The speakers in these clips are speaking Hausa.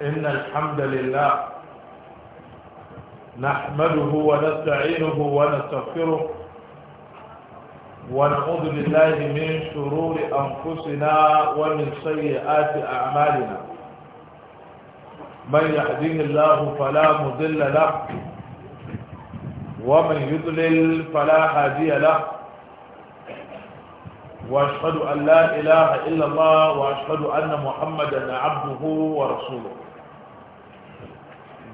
إن الحمد لله نحمده ونستعينه ونستغفره ونعوذ بالله من شرور أنفسنا ومن سيئات أعمالنا من يهديه الله فلا مضل له ومن يضلل فلا هادي له واشهد ان لا اله الا الله واشهد ان محمدا عبده ورسوله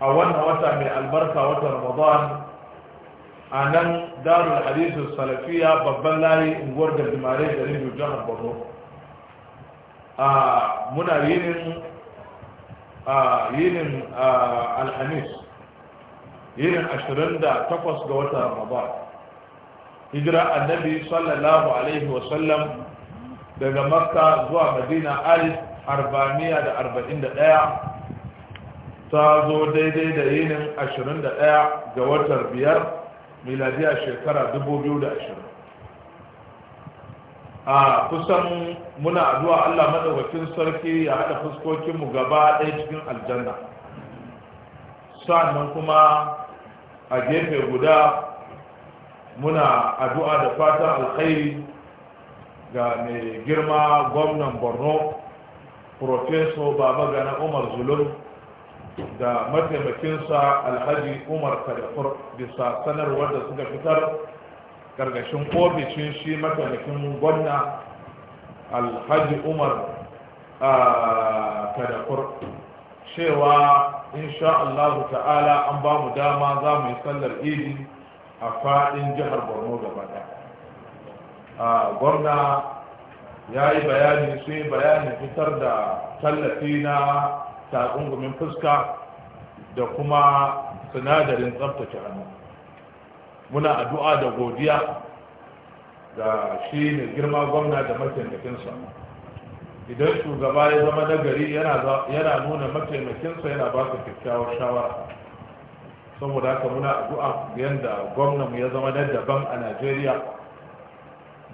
a wannan wata mai albarka wata ramadan a nan darul hadisu salafiya babban layi unguwar da jimare da rinjo jihar borno a muna yinin yinin alhamis yinin 28 ga wata ramadan hijira annabi sallallahu alaihi wasallam daga makka zuwa madina alif arba'amiya da arba'in da ɗaya ta zo daidai da yinin 21 ga watan biyar miladiya shekara 2020 a kusan muna addu'a Allah madaukakin sarki ya haɗa fuskokinmu gaba ɗaya cikin aljanna Sannan kuma a gefe guda muna addu'a da fatan alkhairi ga mai girma gwamnan borno professor baba gana umar zulum da mataimakinsa alhaji umar kadafur bisa sanarwar da suka fitar gargashin ofishin shi mataimakin gwamna alhaji umar kadafur cewa insha Allah ta'ala an ba mu dama za mu yi sallar idi a fadin jihar borno gaba gwamna ya yi bayani sai bayanin fitar da tallafi na takungumin fuska da kuma sinadarin tsabtace hannu muna addu'a da godiya da shi ne girma gwamna da mataimakinsa idan shugaba ya zama nagari yana nuna mataimakinsa yana ba su kyakkyawar shawara saboda haka muna addu'a yadda mu ya zama na daban a najeriya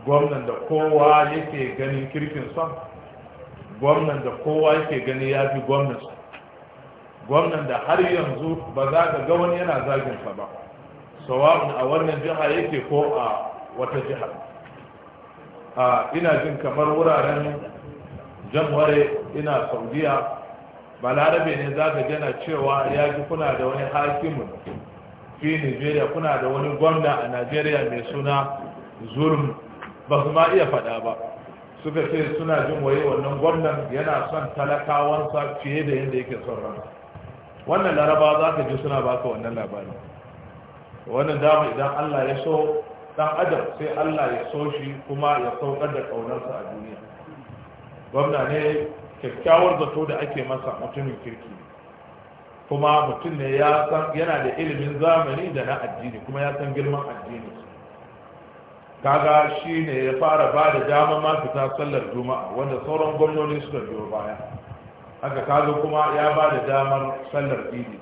gwamnan da kowa yake ganin kirkin sa gwamnan da kowa yake gani ya fi gwamnati gwamnan da har yanzu ba za ka ga wani yana zaginsa ba sawa'un a wannan jiha yake ko a wata jiha ina jin kamar wuraren jamware ina saudiya balarabe ne za ka jana cewa ya ji kuna da wani hakimin fi nigeria kuna da wani gwamna a nigeria mai suna zulm ba su ma iya faɗa ba suka ce suna jin waye wannan gwamnan yana son talakawansa fiye da yadda yake son rana wannan laraba za ka ji suna baka wannan labari wannan dama idan allah ya so dan adam sai allah ya so shi kuma ya saukar da ƙaunarsa a duniya gwamna ne kyakkyawar zato da ake masa mutumin kirki kuma mutum ne yana da ilimin zamani da na addini kuma ya san girman addini kaga shi ne ya fara ba da dama ma fita sallar juma'a wanda sauran gwamnoni suka biyo baya haka kaga kuma ya ba da damar sallar idi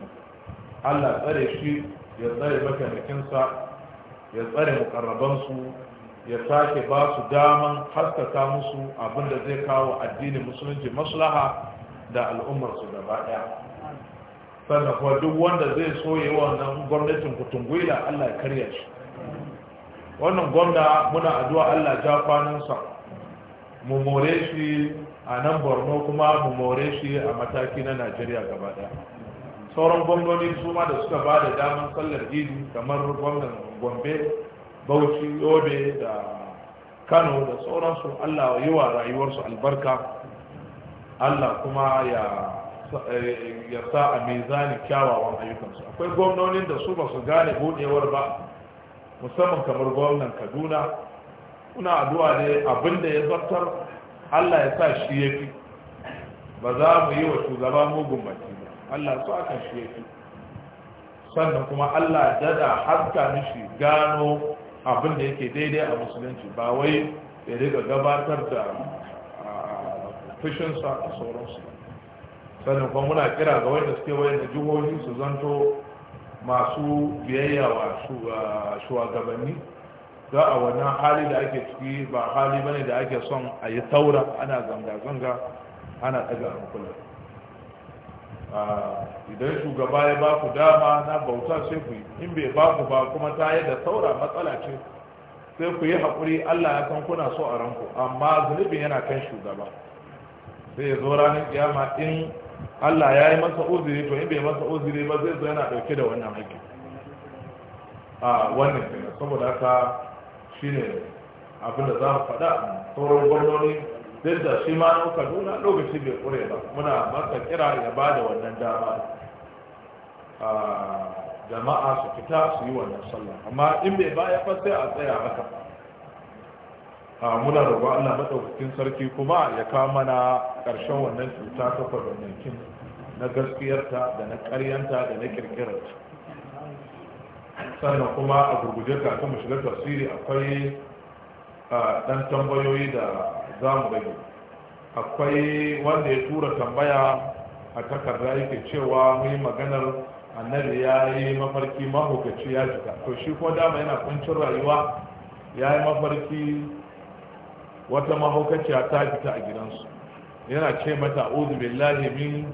allah tsare shi ya tsare makamakinsa ya tsare mukarrabansu ya sake ba su daman haskaka musu abinda zai kawo addinin musulunci maslaha da al'ummarsu gaba daya sannan kuma duk wanda zai so yi wannan gwamnatin kutungwila allah ya karya shi wannan gwamna muna addu'a Allah ja kwanansa mu more shi a nan borno kuma mu more shi a mataki na najeriya gaba daya sauran gwamnoni su ma da suka ba da damar sallar idi kamar gwamnan gombe bauchi yobe da kano da sauransu allah yi wa rayuwarsu albarka allah kuma ya sa eh, a mezanin kyawawan ayyukansu akwai gwamnonin da su ba su gane budewar ba musamman kamar gwamnan kaduna kuna addu'a ne abinda ya zartar allah ya sa shi ya fi ba za mu yi wa shugaba mugun baki ba allah su akan shi ya fi sannan kuma allah dada haska mishi gano abinda yake daidai a musulunci ba wai ya riga gabatar da fushinsa a sauransu sannan kuma muna kira ga wanda suke wayan da jihohi su zanto masu biyayya wa shugabanni za a wannan hali da ake ciki ba hali bane da ake son a yi taura ana zanga-zanga ana daga hankula idan shugaba ya ba ku dama na bauta sai ku yi in bai ba ku ba kuma ta yi da taura matsala ce sai ku yi haƙuri allah ya san kuna so a ranku amma zunubin yana kan shugaba sai ya zo ranar kiyama in Allah ya yi masa uzuri to in bai masa uzuri ba zai zo yana dauke da wannan aiki. a wannan kenan saboda haka shine abin da za mu faɗa sauran gwamnoni duk da shi ma na kaduna lokaci bai ƙure ba muna masa kira ya ba da wannan dama jama'a su fita su yi wannan sallah amma in bai baya fa sai a tsaya haka muna roƙo Allah madaukakin sarki kuma ya kama mana ƙarshen wannan cuta ta kwanakin na gaskiyarta da na ƙaryanta da na ƙirƙirarta. sannan kuma a gurguje ka kuma shiga tafsiri akwai ɗan tambayoyi da za mu rage akwai wanda ya tura tambaya a takarda yake cewa mai maganar annabi ya yi mafarki mahaukaci ya jika to shi ko dama yana kuncin rayuwa ya yi mafarki wata mahaukaciya ta fita a gidansu yana ce mata a'udhu billahi min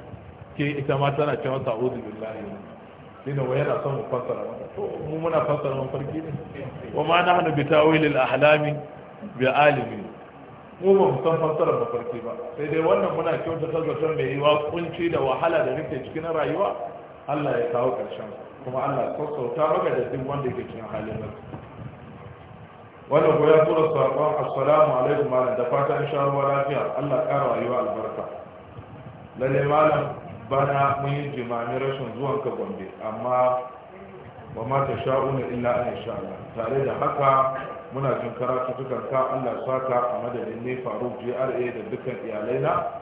ke ita ma tana ce mata a'udhu billahi shine wai yana son fassara mata to mu muna fassara mun farki ne wa ma nahnu bi tawilil ahlami bi alimi mu ba mu san fassara ba farki ba sai dai wannan muna kyauta ta zaton mai yiwa kunci da wahala da nake cikin rayuwa Allah ya kawo karshen kuma Allah ya sassauta maka da duk wanda yake cikin halin nan wannan ko ya tura saƙon assalamu alaikum malam da fata in sha ruwa lafiya allah ƙara rayuwa albarka lalle malam bana mun yi jimami rashin zuwan ka gombe amma ba ma ta sha'una illa an sha Allah tare da haka muna jin karatuttukan ka allah saka a madadin ne faruk gra da dukkan iyalai na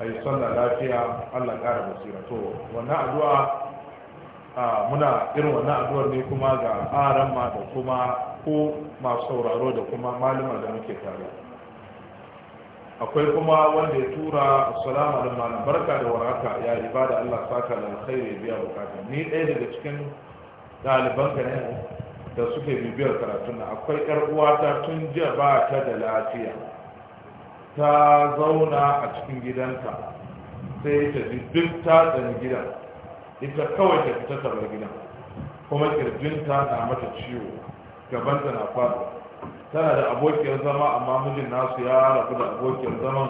a yi sallah lafiya allah ƙara basira to wannan addu'a muna irin wannan addu'ar ne kuma ga aran ma da kuma ko masu sauraro da kuma malama da muke tare akwai kuma wanda ya tura assalamu alaikum malam barka da warhaka ya bada Allah saka da alkhairi biya bukata ni ɗaya daga cikin ɗaliban ka ne da suke bibiyar karatun nan akwai 'yar uwata tun jiya ba ta da lafiya ta zauna a cikin gidanta sai ta ji duk ta tsani gidan ita kawai ta fita ta bar gidan kuma kirjinta na mata ciwo gaban ta na faɗo tana da abokiyar zama amma mijin nasu ya rabu da abokiyar zaman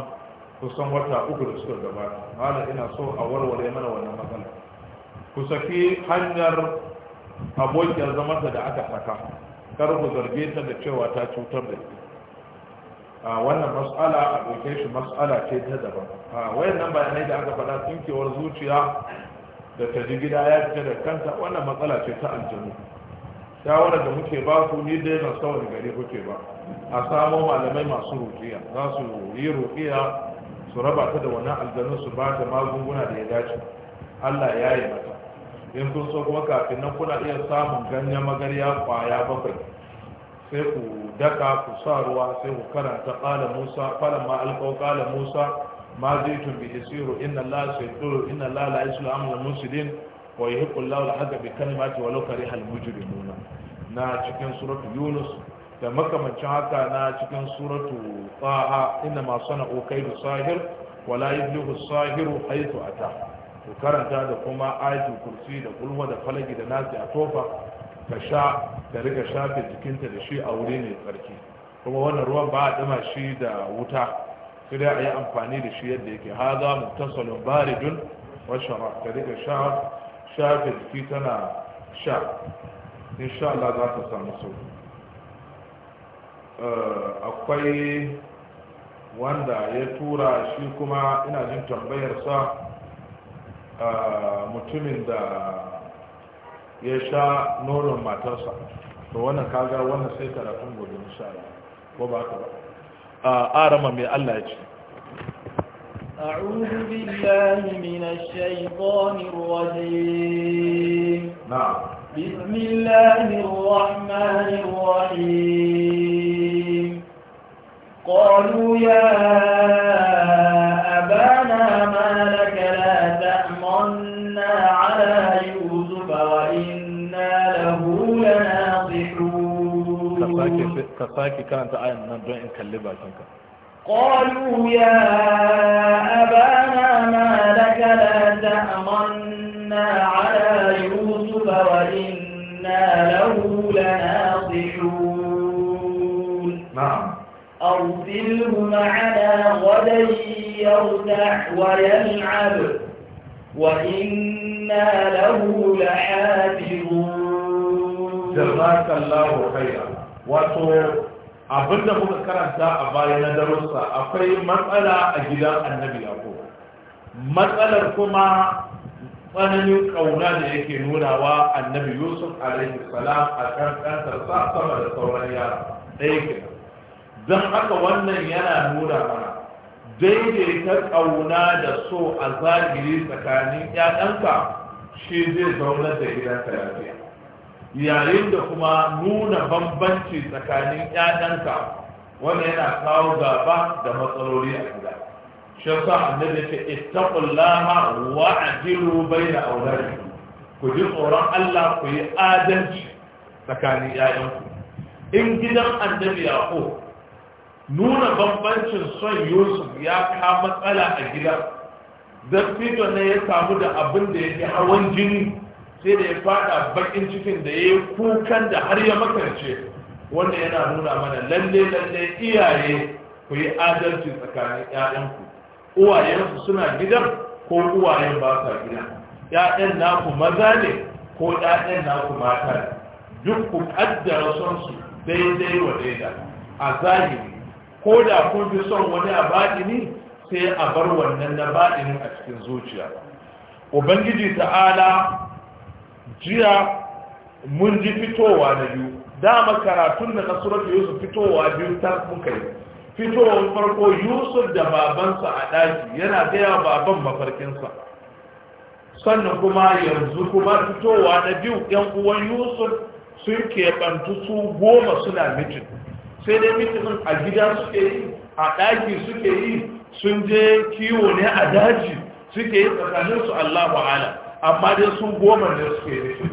kusan wata uku da suka gabata mana ina so a warware mana wannan matsala ku saki hanyar abokiyar zamanta da aka saka kar ku zarge ta da cewa ta cutar da ke a wannan mas'ala a ɗauke shi mas'ala ce ta daban a nan bayanai da aka faɗa tsinkewar zuciya da ta ji gida ya fita da kanta wannan matsala ce ta aljanu shawarar da muke ba ku ni dai na tsawon gari kuke ba a samo malamai masu rukiya za su yi rukiya su raba ta da wani aljanun su ba ta magunguna da ya dace allah ya yi mata in kun so kuma kafin nan kuna iya samun ganyen magarya kwaya bakwai sai ku daka ku sa ruwa sai ku karanta kala musa ma alkau kala musa ma zai tun bi isiru inna la sai inna la la isu amul wa yuhiqqu Allahu al-haqqa bi kalimati wa law kariha mujrimun na cikin suratu Yunus da makamancin haka na cikin suratu Taha inna ma sana'u kaydu sahir wa la yuflihu as-sahiru haythu ata Ku karanta da kuma ayatul kursi da gulma, da falaki da nasi a tofa ka sha da riga shafe jikinta da shi a wuri mai tsarki kuma wannan ruwan ba a dama shi da wuta sai dai a yi amfani da shi yadda yake haza mutasalun baridun wa shara ka riga sha shafe jiki tana sha insha Allah za ta samu so. Eh, akwai wanda ya tura shi kuma ina jin tambayarsa eh, mutumin da ya sha nonon matarsa to wannan kaga wannan sai karatun gobe sha ko ba ka ba eh, a arama mai Allah ya ce أعوذ بالله من الشيطان الرجيم نعم بسم الله الرحمن الرحيم قالوا يا أبانا ما لك لا تأمنا على يوسف وإنا له لناصحون كفاكي كانت آية من دون إن قالوا يا أبانا ما لك لا تأمنا على يوسف وإنا له لناصحون نعم أرسله معنا غدا يرتع ويلعب وإنا له لحافظون جزاك الله خيرا وتو abin da muka karanta a baya na darussa akwai matsala a gidan annabi yaqub matsalar kuma tsananin ƙauna da yake nunawa annabi yusuf alaihi salam a kan sa sama da sauran yara ɗaya ke don haka wannan yana nuna mana daidaita ƙauna da so a zahiri tsakanin 'ya'yanka shi zai zaunar da gidan lafiya yayin da kuma nuna bambanci tsakanin ƴaƴanka wanda yana kawo gaba da matsaloli a gida shi yasa annabi ce ittaqullaha wa ajiru baina auladikum ku ji tsoron Allah ku yi adalci tsakanin ƴaƴanku in gidan annabi yaqo nuna bambancin son Yusuf ya ka matsala a gidan fito ne ya samu da abin da yake hawan jini sai da ya fada bakin cikin da ya yi kukan da har ya makarce wanda yana nuna mana lalle lalle iyaye ku yi adalci tsakanin ƴaƴanku uwayensu suna gidan ko uwayen ba sa gida ƴaƴan naku maza ne ko ƴaƴan naku mata ne duk ku kaddara son su daidai wa daida a zahiri ko da kun fi son wani a baɗini sai a bar wannan na baɗinin a cikin zuciya ubangiji ta'ala jiya mun ji fitowa na biyu dama karatun da na yusuf fitowa biyu ta muka yi fitowar farko yusuf da babansa a ɗaki yana gaya baban mafarkinsa sannan kuma yanzu kuma fitowa na biyu yan uwan yusuf sun keɓantu su goma suna mitin sai dai mitinin a gida suke yi a ɗaki suke yi sun je kiwo ne a daji suke yi tsakaninsu allahu ala amma dai sun goma ne suke nufi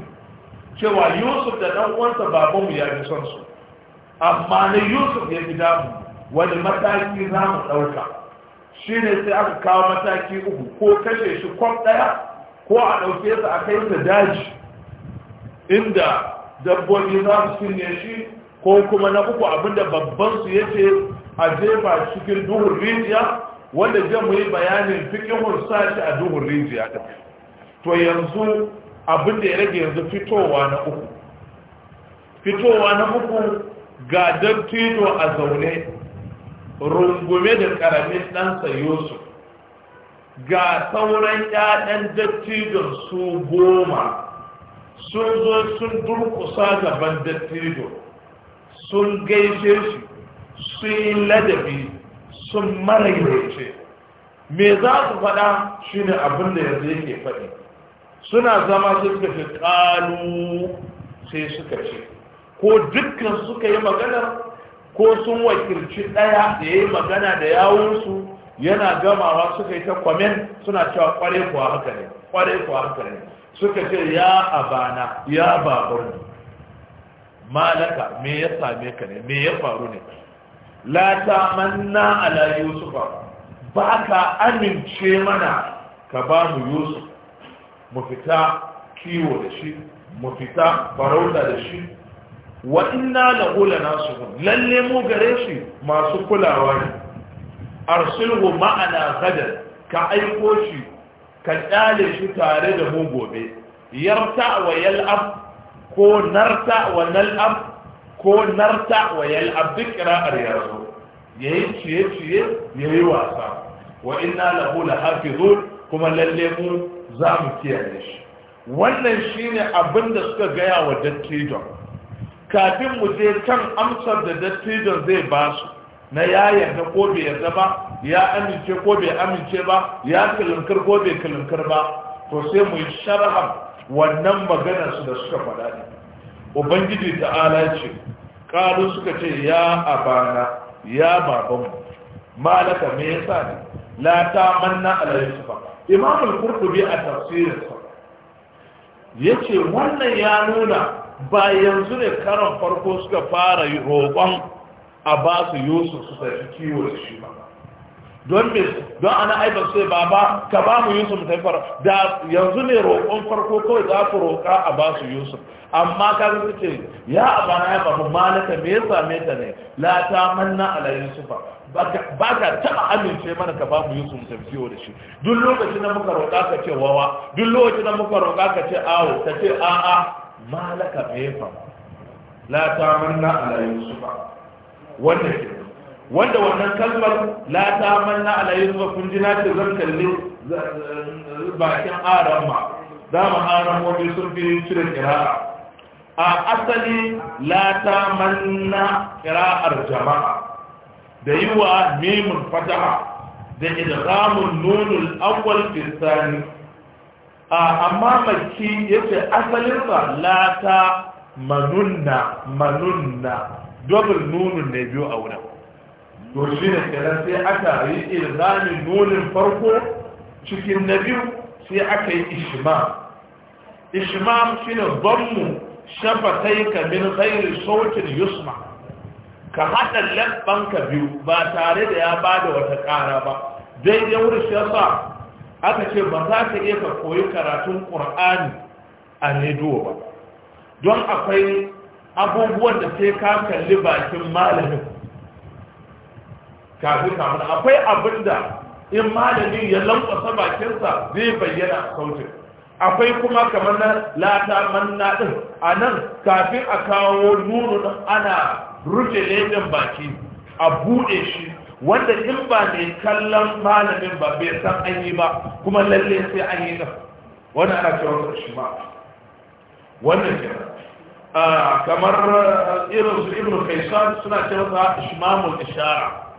cewa yusuf da ɗan uwansa babanmu ya fi son su amma na yusuf ya fi damu wani mataki za mu ɗauka shi ne sai aka kawo mataki uku ko kashe shi kwam ɗaya ko a ɗauke sa a kai sa daji inda dabbobi za su cinye shi ko kuma na uku abinda babban su yace a jefa cikin duhun rijiya wanda zai mu yi bayanin fikin sa a duhun rijiya ta to yanzu abin da ya rage yanzu fitowa na uku fitowa na uku ga dattijo a zaune rungume da karamin ɗansa yusuf ga sauran ƴaɗan dattijon su goma sun zo sun durkusa gaban dattijo sun gaishe shi sun yi ladabi sun mara marayace me za su faɗa shine abin da yanzu yake faɗi suna zama suka fi ƙalu sai suka ce ko dukkan suka yi maganar ko sun wakilci ɗaya da ya yi magana da yawunsu yana gamawa suka yi ta kwamen suna cewa kware kuwa haka ne kware kuwa haka ne suka ce ya abana ya babar malaka me ya same ka ne me ya faru ne la ta manna ala yusufa ba ka amince mana ka ba mu yusuf mu fita kiwo da shi mu farauta da shi wa inna lahu lanasihun lalle mu gare shi masu kulawa ne arsilhu ma'ana gadar ka aiko shi ka tsale shi tare da mu gobe yarta wa yal'ab ko narta wa nal'ab ko narta wa yal'ab duk kira'ar Ya yayi ciye-ciye yayi wasa wa inna lahu lahafizun kuma lalle mu za mu kiyaye shi wannan shine abin da suka gaya wa dattijon kafin mu je kan amsar da dattijon zai ba su na ya yarda ko bai yarda ba ya amince ko bai amince ba ya kilinkar ko bai kilinkar ba to sai mu yi sharhan wannan magana su da suka faɗa ne ubangiji ta'ala ce ƙaru suka ce ya abana ya babanmu malaka me yasa ne la ta manna ala yusufa imam al a tafsirinsa yace wannan ya nuna ba yanzu ne karon farko suka fara roƙon a ba su yusuf su tafi kiwo da shi ba don me don ana ba sai baba ka ba mu yusuf ta fara da yanzu ne roƙon farko kawai za ku roƙa a ba su yusuf amma ka ga ce ya abana ya babu malaka me yasa me ta ne la ta manna ala yusufa ba ka taɓa amince mana ka ba mu yusuf ta fiyo da shi duk lokacin da muka roƙa ka ce wawa duk lokacin da muka roƙa ka ce awo ka ce a'a malaka me ya faru la ta manna ala yusufa wannan wanda wannan kalmar la ta manna ala yusuf kun jina ce zan kalli bakin aran ma za mu aran wani sun fi cire kira'a a asali la ta manna kira'ar jama'a da yi wa mimun fataha da idghamun nunul awwal fi thani amma makki yace asalin ba la ta manunna manunna double nunun ne biyu a wurin to shi ne kenan sai aka yi ilzamin nunin farko cikin na biyu sai aka yi ishimam ishimam shi ne banmu shafa kai ka min ghairi sautin yusma ka haɗa labbanka biyu ba tare da ya ba da wata ƙara ba daidai wurin shi yasa aka ce ba za ka iya ka koyi karatun ƙur'ani a rediyo ba don akwai abubuwan da sai ka kalli bakin malamin kafin kafin akwai abin da in malami ya lankwasa bakinsa zai bayyana a sautin akwai kuma kamar na lata manna din a nan kafin a kawo nunu ana rufe laifin baki a buɗe shi wanda in ba mai kallon malamin ba bai san an yi ba kuma lalle sai an yi nan wani ana cewa shi ma wannan ke ah, kamar ah, irin su ibn kaisan suna cewa sa ishmamul ishara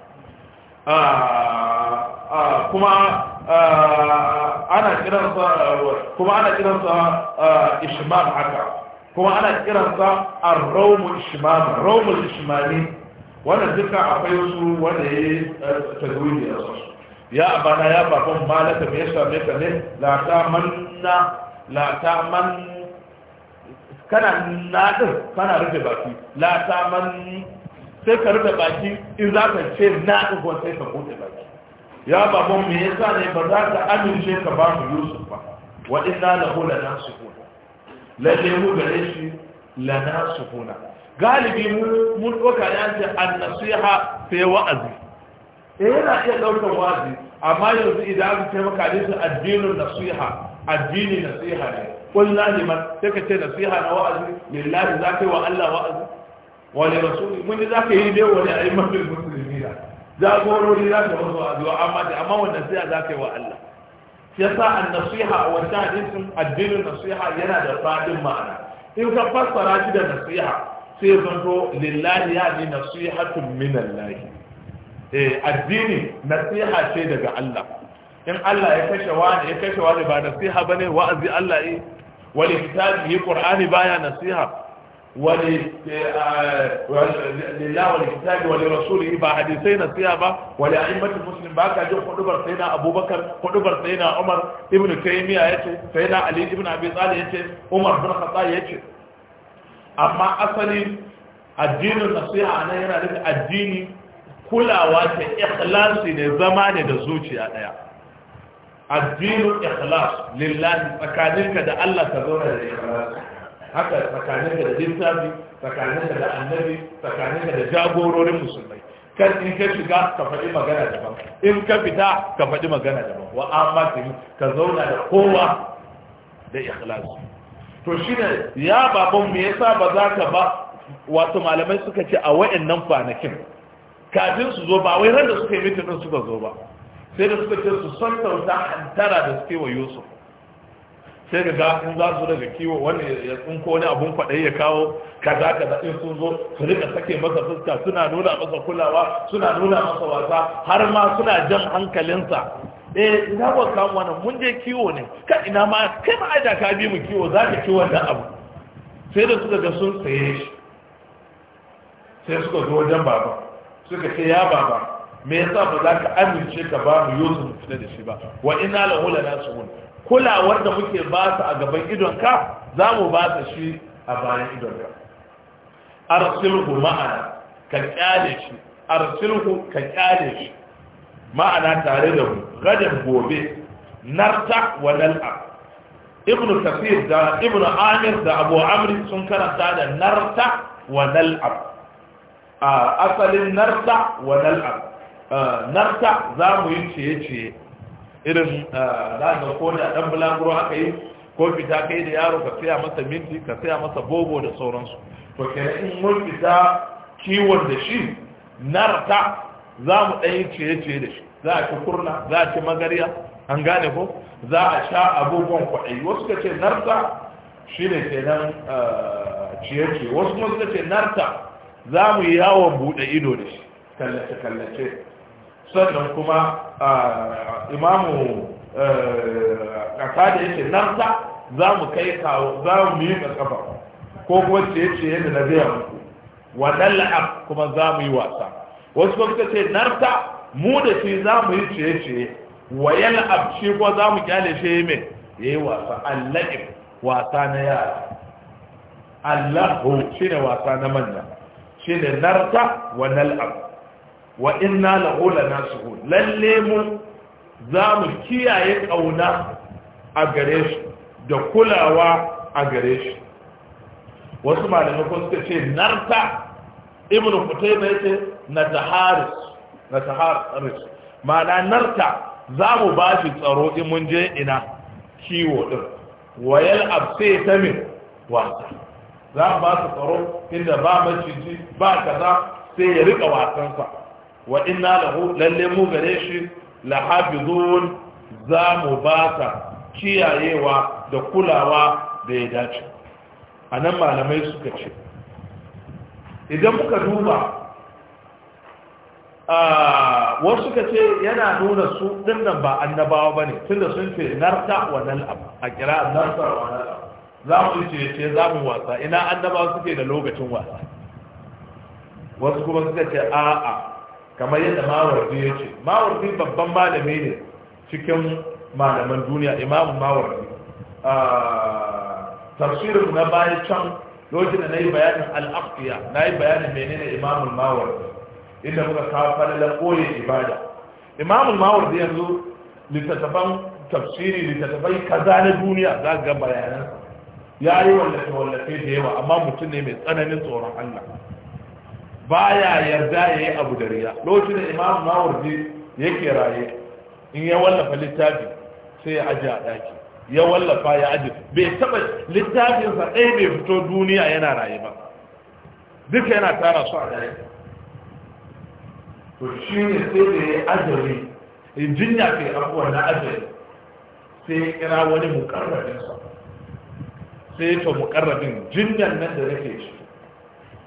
Ah, ah, kuma ah, ana kiransa kuma ana kiransa ishmam haka kuma ana kiransa ar-rawmul ishmam rawmul ishmami wannan duka akwai wasu wanda yayi eh, tazwidi da su ya abana ya baban malaka me yasa me ka ne la ta manna la ta man kana nadin kana rufe baki la ta sai ka rufe baki in za ka ce na ɗigon sai ka buɗe baki ya babu me yasa ne ba za ka amince ka ba mu yusuf ba wa inna lahu lana sukuna lalle mu gare shi lana sukuna galibi mu mun doka ya an ce annasiha nasiha sai wa'azi eh yana iya ɗaukar wa'azi amma yanzu idan an ce maka hadisin addinin nasiha addini nasiha ne kullahi liman sai ka ce nasiha na wa'azi lillahi yi wa Allah wa'azi wani rasuli mun ji za yi dai wani a musulmi da ni za ka wasu addu'a amma da amma wannan sai za ka yi wa Allah Ya yasa an nasiha a wancan hadisin addinin nasiha yana da fadin ma'ana in ka fassara shi da nasiha sai zanto lillahi ya ni nasihatun min Allah eh addini nasiha ce daga Allah in Allah ya kashe wani ya kashe wani ba nasiha bane wa'azi Allah yi wal kitabi qur'ani baya nasiha ولله ولكتابه ولرسوله با حديثين نصيحة با ولأئمة المسلم باكا جو خدبر سينا أبو بكر خدبر سينا عمر ابن تيمية يتي سينا علي ابن أبي طالب يتي عمر بن خطاب يتي أما أصلي الدين النصيحة أنا هنا لك الدين kulawa ta ikhlasi ne zama ne da zuciya daya addinu ikhlas lillahi tsakaninka da Allah ka zauna da ikhlasi haka tsakaninka da littafi tsakaninka da annabi tsakaninka da jagororin musulmai kan in ka shiga ka faɗi magana daban in ka fita ka faɗi magana daban wa amma ka zauna da kowa da ikhlasu to shine ya baban me yasa ba za ka ba wato malamai suka ce a wayannan kwanakin kafin su zo ba wai ran da suka yi mitin suka zo ba sai da suka ce su son tauta hantara da suke wa Yusuf sai ga in za su daga kiwo wani ya tsinko wani abun kwaɗayi ya kawo kaza kaza in sun zo su rika sake masa fuska suna nuna masa kulawa suna nuna masa wasa har ma suna jan hankalinsa eh ina ba ka wannan mun je kiwo ne kan ina ma kai ma aja ka bi mu kiwo za ka kiwon da abu sai da suka ga sun tsaye shi sai suka zo wajen baba suka ce ya baba me yasa ba za ka amince ka ba mu yusuf fita da shi ba wa ina lahu na sumun kulawar da muke ba su a gaban idonka za mu ba su shi a bayan idonka arsilhu ma'ana ka kyale shi arsilhu ka kyale shi ma'ana tare da mu gadan gobe narta wa nal'a ibn kafir da ibn amir da abu amri sun karanta da narta wa nal'ab asalin narta wa nal'ab narta za mu yi ciye-ciye irin ah, za ɗan ko da dan bulaguro haka yi ko fita kai da yaro ka saya masa minti ka saya masa bobo da sauransu to kenan in mun fita kiwon da shi narta za mu ɗan yi ciye-ciye da shi za a ci kurna za a ci magariya an gane ko za a sha abubuwan kwaɗayi wasu ka ce narta shi ne nan ah, ciye-ciye wasu kuma suka ce narta za mu yi yawon buɗe ido da shi kallace-kallace sannan kuma imamu kasa da yake nan sa za mu kai kawo za mu yi kafa ko kuma ce ce da na zai muku wannan la'ab kuma za mu yi wasa wasu kuma suka ce narta mu da shi za mu yi ce ce wa yal'ab shi kuma za mu kyale shi mai ya yi wasa allaib wasa na yara allahu shi ne wasa na manya shi ne narta wa nal'ab wa inna lahu lanasuhu lalle mu za mu kiyaye kauna a gare shi da kulawa a gare shi wasu malamai kun suka ce narta ibnu kutayba yace na taharis na taharis ma'ana narta za mu ba shi tsaro in mun je ina kiwo din wayal abse ta min wasa za mu ba su tsaro inda ba maciji ba kaza sai ya rika wasansa wa inna lahu lalle mu gare shi lahafizun za mu ba ta kiyayewa da kulawa da ya dace a nan malamai suka ce idan muka duba wasu suka ce yana nuna su dinnan ba annabawa ba ne tunda sun ce narta wa nal'ab a kira narta wa nal'ab za mu ce ce za mu wasa ina annabawa suke da lokacin wasa wasu kuma suka ce a'a kamar yadda mawardi ya ce mawardi babban malami ne cikin malaman duniya imamu mawardi tafsirin na baya can lokacin da na yi bayanin al'afiya na yi bayanin menene imamul mawardi inda muka kawo falalar koyin ibada imamul mawardi yanzu littattafan tafsiri littattafai kaza na duniya za ga bayanan ya yi wallafe-wallafe da yawa amma mutum ne mai tsananin tsoron allah baya yarda ya yi abu da riya lokacin da imam mawardi yake raye in ya wallafa littafi sai ya aje a daki ya wallafa ya aje bai taba Littafinsa ɗaya bai fito duniya yana raye ba duka yana tara su a daya to shi ne sai da ya in jinya kai abuwa na ajiye sai ya kira wani mukarrabinsa sai ya to mukarrabin jinyar nan da nake shi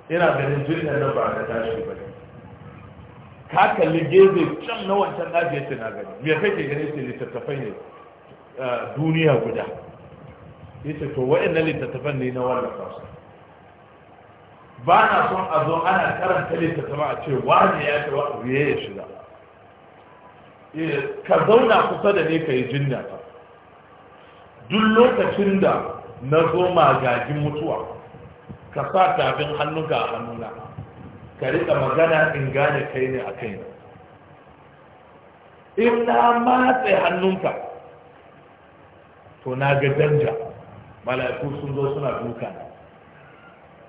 ina ganin jirgin nan ba ka tashi ba ka kalli gefe can na wancan ɗaji ce na gani me kai ke gani ce littattafai ne duniya guda yace to na littattafan ne na wallafa su ba na son a zo ana karanta littattafa a ce wani ya ce wani ya shiga ka zauna kusa da ne ka yi jinnata. ta duk lokacin da na zo magagin mutuwa ka sa tafin hannunka a hannuna ka rika magana in gane kai ne a kai in na matse hannunka to na ga danja mala'iku sun zo suna duka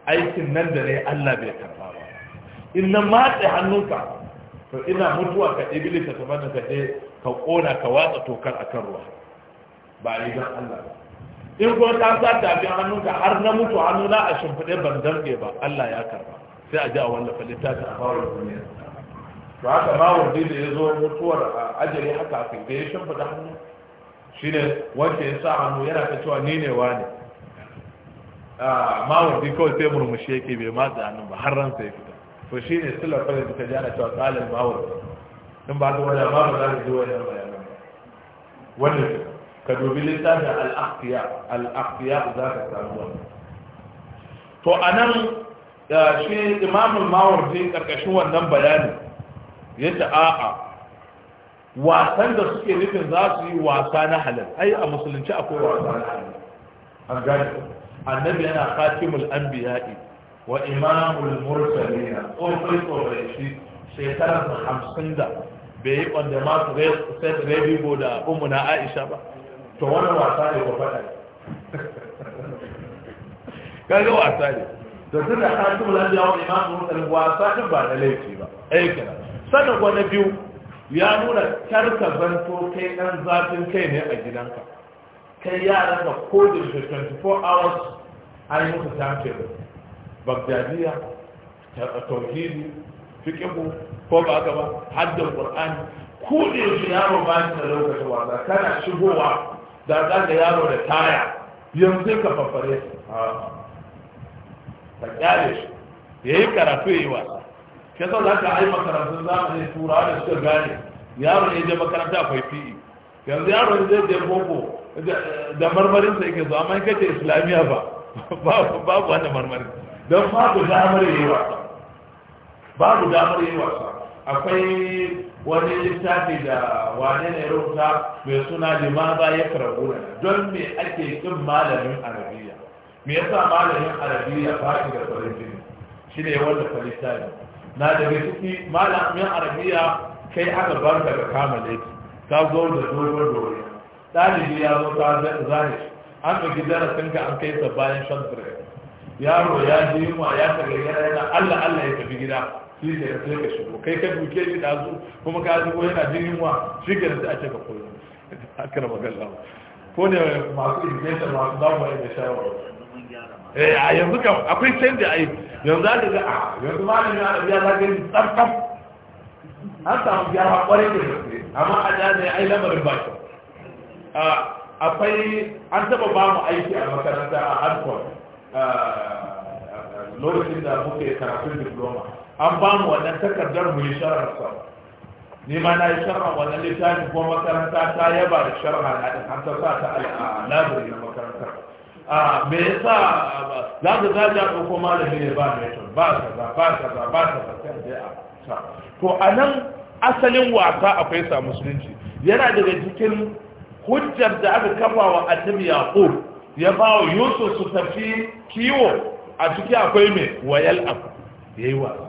aikin nan da ne Allah bai karba ba in na matse hannunka to ina mutuwa ka iblis ta ka je ka kona ka watsa tokar akan ruwa ba a rigan Allah ba in ko ta sa tafin hannunka har na mutu hannuna a shimfiɗe ban zarge ba Allah ya karba sai a ji a wallafa littafin a bawar duniya to haka ma wanda da ya zo mutuwar ajali haka kai da ya shimfiɗa hannu shi ne wanda ya sa hannu yana ta cewa ni ne wa ne ma wanda kawai sai murmushi yake bai matsa hannu ba har ransa ya fita to shi ne silar farin da ta ji ana cewa tsalin ma wanda in ba ta wani ba ba za ta ji wani bayanan ba wannan ka dubi littafin al'afiya za ka samu to a nan da shi imamul mawardi karkashin wannan bayanin ya a'a wasan da suke nufin za su yi wasa na halal ai a musulunci akwai wasa na halal an gane annabi yana khatimul anbiya'i wa imamul mursalina tsofai tsofai shi shekarar hamsin da bai yi on the mass set go da umuna aisha ba to wannan wasa ne ko faɗa ne kaga wasa ne to duk da an lafiya da yawon mun musulun wasa din ba da laifi ba aikina sannan na biyu ya nuna karka zanto kai dan zafin kai ne a gidanka kai yaran ka ko da 24 hours an yi musu timetable bagdadiya tauhidi fikihu ko ba gaba haddan qur'ani ko da yaro ba da lokacin wasa kana shigowa da za ka yaro da taya yanzu ka fafare su ah. ka kyale shi ya yi karatu ya yi wasa kesa za ka ai makarantun zamani turawa da suka gane yaro ya je makaranta akwai fi e. yanzu yaro zai je boko da marmarin sa yake zuwa amma kace islamiyya ba babu wanda marmarin don babu damar yi wasa babu damar yi wasa akwai wani littafi da wane ne rubuta mai suna da limaza ya karabu don me ake kin malamin arabiya me yasa malamin arabiya ba shi da farin jini shi ne wanda falita ne na daga ciki malamin arabiya kai aka bar daga kama laifi ka zo da dogon dore ɗalibi ya zo ta zane an ɗauki darasin ka an kai sa bayan shan yaro ya ji yunwa ya tagayyara yana allah allah ya tafi gida shi ne da ka shigo kai ka duke shi da su kuma ka ko yana jin yunwa shi ke da sai a ka koyo magan magana ko ne masu invention masu damuwa da shawara. eh a yanzu kam akwai canji a yanzu za ga a yanzu ne ya rabiya za ka yi tsartsar an samu gyara kwarai da gaske amma a da ne ai lamarin ba shi akwai an taba ba mu aiki a makaranta a harkar lokacin da muka yi karatun diploma an ba mu wannan takardar mu yi shararsa ni ma na yi shar'a, wannan littafi ko makaranta ta yaba da shar'a na da an ta sa ta al'adari na makarantar a me yasa za ka zaja ɗauko malamin ne ba meton ba za ba za ba kaza sai dai a ta to a nan asalin wasa akwai sa musulunci yana daga cikin hujjar da aka kafa wa annabi yaqub ya ba wa yusuf su tafi kiwo a ciki akwai mai wayal abu ya yi wasa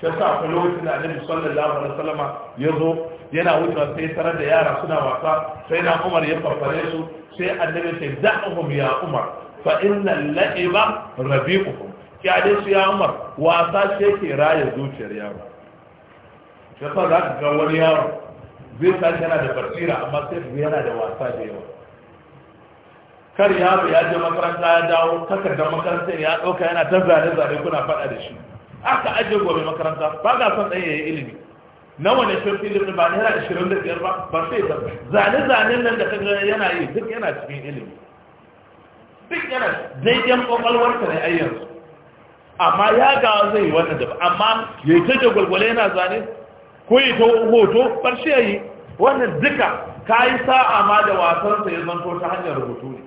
shi sa akwai lokacin da annabi sallallahu alaihi wasallam ya zo yana wuce sai tarar da yara suna wasa sai na umar ya farfare su sai annabi sai da'uhum ya umar fa innal la'iba Ya kyale su ya umar wasa sai ke raya zuciyar yaro shi sa za ka ga wani yaro zai tashi yana da basira amma sai yana da wasa da yawa kar yaro ya je makaranta ya dawo takardar makarantar ya ɗauka yana ta zare-zare kuna faɗa da shi aka ajiye gobe makaranta ba ga son ɗaya ya yi ilimi nawa ne shirfi ilimin ba naira ashirin da biyar ba ba sai ba zane zane nan da kaga yana yi duk yana cikin ilimi duk yana daidai kwakwalwarka ne ayyan amma ya ga zai wannan da amma ya ta jagwalgwale yana zane ko yi ta hoto farshe ya yi wannan duka ka yi sa'a ma da wasansa ya zanto ta hanyar rubutu ne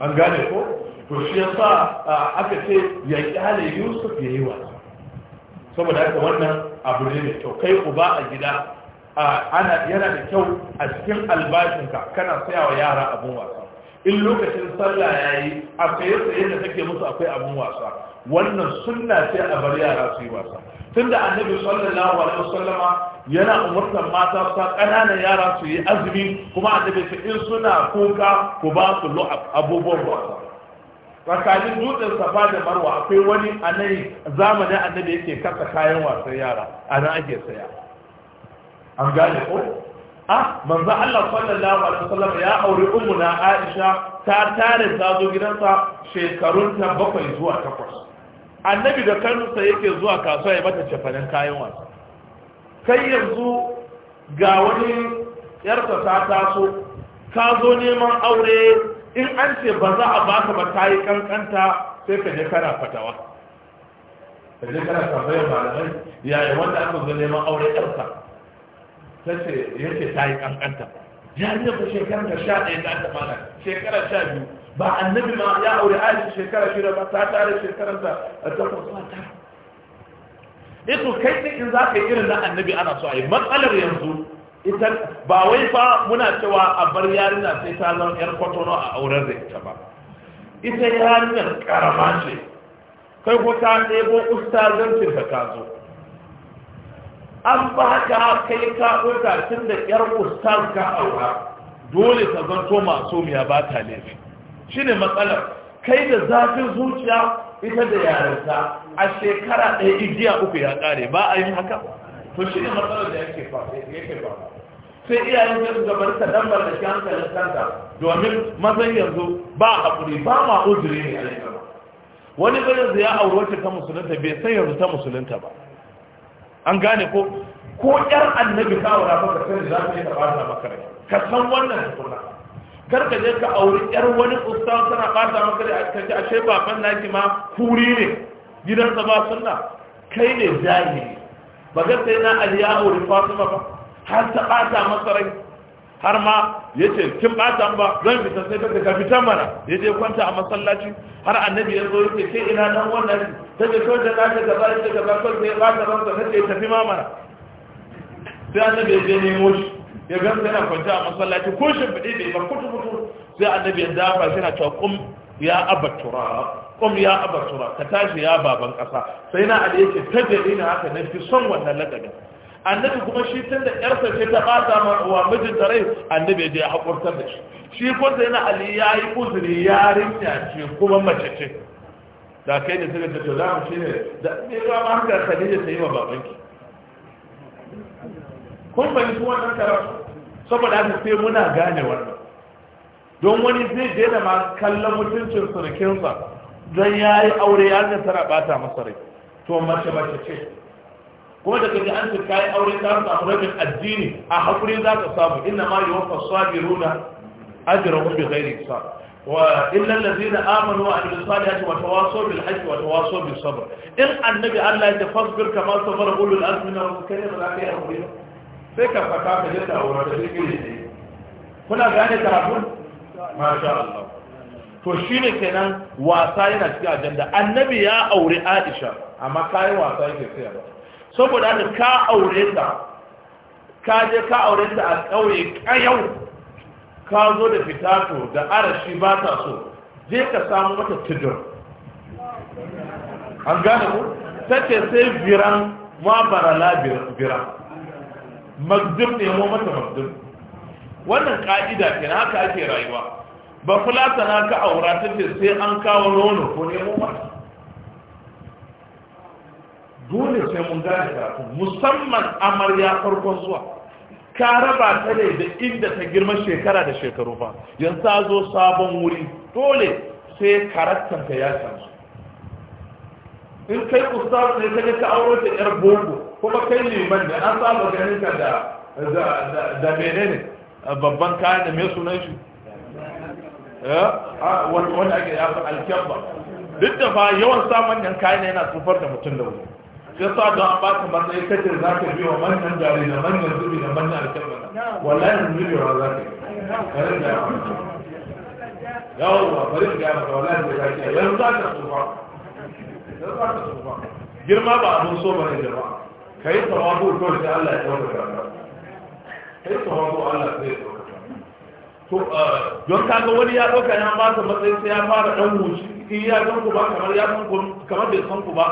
an gane ko to shi ya sa aka ce ya kyale yusuf ya yi wasa saboda haka wannan abu ne mai kyau kai uba a gida ana yana da kyau a cikin albashinka kana sayawa yara abun wasa in lokacin sallah ya yi a saye-saye da kake musu akwai abun wasa wannan sunna sai a bar yara su yi wasa tunda annabi sallallahu alaihi wasallama yana umurtar mata sa ƙananan yara su yi azumi kuma annabi in suna kuka ku ba su lu'ab abubuwan wasa tsakanin dutsen safa da marwa akwai wani anai zamanin annabi yake kasa kayan wasan yara a nan ake saya an gane ko a manzo Allah sallallahu alaihi wasallam ya aure na Aisha ta tare ta zo gidansa shekarun ta bakwai zuwa takwas annabi da kansa yake zuwa kasuwa ya mata cefanen kayan wasa kai yanzu ga wani yarsa ta taso ka zo neman aure in an ce ba za a ba ka ba ta yi kankanta sai ka je kana fatawa ka je kana tambayar malamai yayin wanda aka zo neman aure yarsa ta ce yake ta yi kankanta jami'a ba shekarar ta sha ɗaya ta mana shekarar sha biyu ba annabi ma ya aure aisha shekara shida ba ta tare shekarar da ta kuma ta ito kai ne in za ka yi irin na annabi ana so a yi matsalar yanzu ita ba wai fa muna cewa a bar yarinya sai ta zama yar kwatano a auren da ita ba ita yarinyar karama ce kai ko ta ɗebo ustazancin ka ta zo an ba ka kai ka ɗauka tun da yar ustaz ka aura dole ta zanto masu miya ba ta laifi ne matsalar kai da zafin zuciya ita da yarinta a shekara ɗaya igiya uku ya ƙare ba a yi haka to shi ne matsalar da yake faɗa sai iyayen sai su gabar ta dambar da shi hankalin kanta domin mazan yanzu ba haƙuri ba ma uzuri ne a wani garin ya auri wacce ta musulunta bai san yanzu ta musulunta ba an gane ko ko ƴar annabi ka aura ba ka sani za ta yi ta ba ta makarai ka san wannan tukuna kar ka je ka auri yar wani ustaz tana bata maka da a ce ashe baban naki ma kuri ne gidansa ba sunna kai ne jahili ba ga sai na aliya ya auri fatima ba har ta bata masa rai har ma yace kin bata ba zan fita sai kaga ka fita mana je kwanta a masallaci har annabi ya zo yace ke ina dan wannan ce ko da na ta gaba ta gaba ko sai ba ta ranka ce tafi ma mana sai annabi ya je nemo shi ya gamsa yana kwanci a masallaci ko shimfiɗe bai ba kutu kutu sai annabi ya dafa shi na cewa kum ya abatura kum ya abatura ka tashi ya baban ƙasa sai na ali yake tajiri na haka na fi son wannan lakabin annabi kuma shi tun da ƴarsa ce ta bata ma wa mijinta rai annabi ya hakurta da shi shi sai na ali ya yi uzuri yarinya ce kuma mace ce da kai da suka da ta, za mu shi ne da ne ba ma haka khadija ta yi wa babanki kun fahimci wannan karatu saboda haka sai muna gane wannan don wani zai je da ma kallon mutuncin surukinsa don ya yi aure ya ga tara bata masa rai to mace mace ce kuma da kaji an tuka yi aure ta samu rabin addini a hakuri za ka samu inna ma yi wafa sabiruna ajrahum bi ghairi hisab wa illa allazina amanu wa amilu salihati wa tawassaw bil haqqi wa tawassaw bis sabr in annabi Allah ya tafsir kama sabara ulul azmi wa kayyara la ba. sai ka fata ka jirta ta wurin da shi ne kuna gane karatu masha Allah to ne kenan wasa yana cikin ajanda annabi ya aure Aisha amma kayan wasa yake ba. saboda haka ka aure ta ka je ka aure ta a ƙauye ƙayau. ka zo da to da arashi ba ta so je ka samu mata tijir an gane ku ce sai biran ma barala biran magzum ne mu mata magzum wannan ka'ida kenan haka ake rayuwa ba fulata na ka aura ta ce sai an kawo nono ko nemo mata dole sai mun gane karatu musamman amarya farkon zuwa ka raba ta ne da inda ta girma shekara da shekaru ba yanzu ta zo sabon wuri dole sai karatanta ya canza in kai ustaz ne ka ka aure da yar boko kuma kai liman ne an saba ganin ka da da menene babban kayan da me sunan shi eh, Wani ake yafi alkyabba duk da fa yawan sa manyan kayan yana tufar da mutum da wuri ya sa don an baka matsayi kacin za ka biyo manyan jari da manyan zubi da manyan alkyabba wallahi yi miliyawa za ka yi ba bari da ya maka wallahi da za ka yi yanzu za ka tsufa girma ba abin so bane jama'a ka yi tawabu kawai sai Allah ya ɗaukaka ka ka yi tawabu Allah sai ya ɗaukaka to ah, don kaga wani ya ɗauka ya ba ta matsayin sai ya fara ɗan wuce in ya san ku ba kamar ya san ku kamar bai san ku ba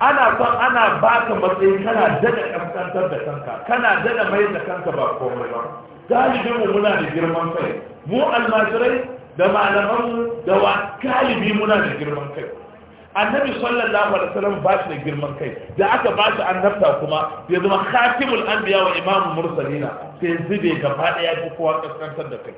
ana son ana baka matsayi kana daga kaskantar da kanka kana daga mai da kanka ba komai ba galibin mu muna da girman kai mu almajirai da malaman da wa galibi muna da girman kai annabi sallallahu alaihi wasallam ba shi da girman kai da aka ba shi annabta kuma ya zama khatimul anbiya wa imamul mursalina sai zube gaba daya ko kowa kaskantar da kai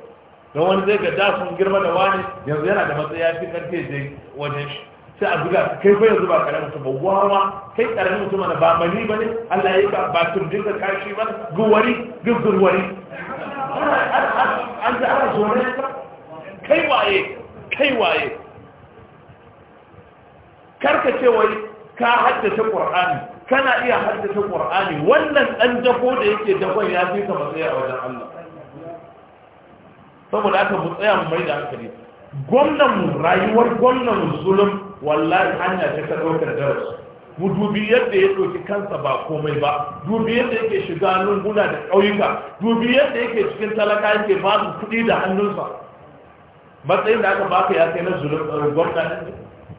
Da wani zai ga da sun girma da wani yanzu yana da matsayi ya fi karfe je wajen shi sai a buga kai fa yanzu ba karamin mutum ba wawa kai karamin mutum na ba mani ba ne Allah ya yi ba tun dinka kashi ba guwari gugurwari an ji ana zo ne kai waye kai waye karka ce wai ka haddace ƙur'ani kana iya haddace ƙur'ani wannan ɗan dako da yake dafon ya fi ka matsayi a wajen Allah saboda aka mu tsaya mu mai da hankali gwamnan mu rayuwar gwamnan mu zulum wallahi hanya ce ta ɗaukar darasi mu dubi yadda ya ɗauki kansa ba komai ba dubi yadda yake shiga lunguna da ƙauyuka dubi yadda yake cikin talaka yake ba su kuɗi da hannunsa matsayin da aka baka ya kai na zulum eh, gwamna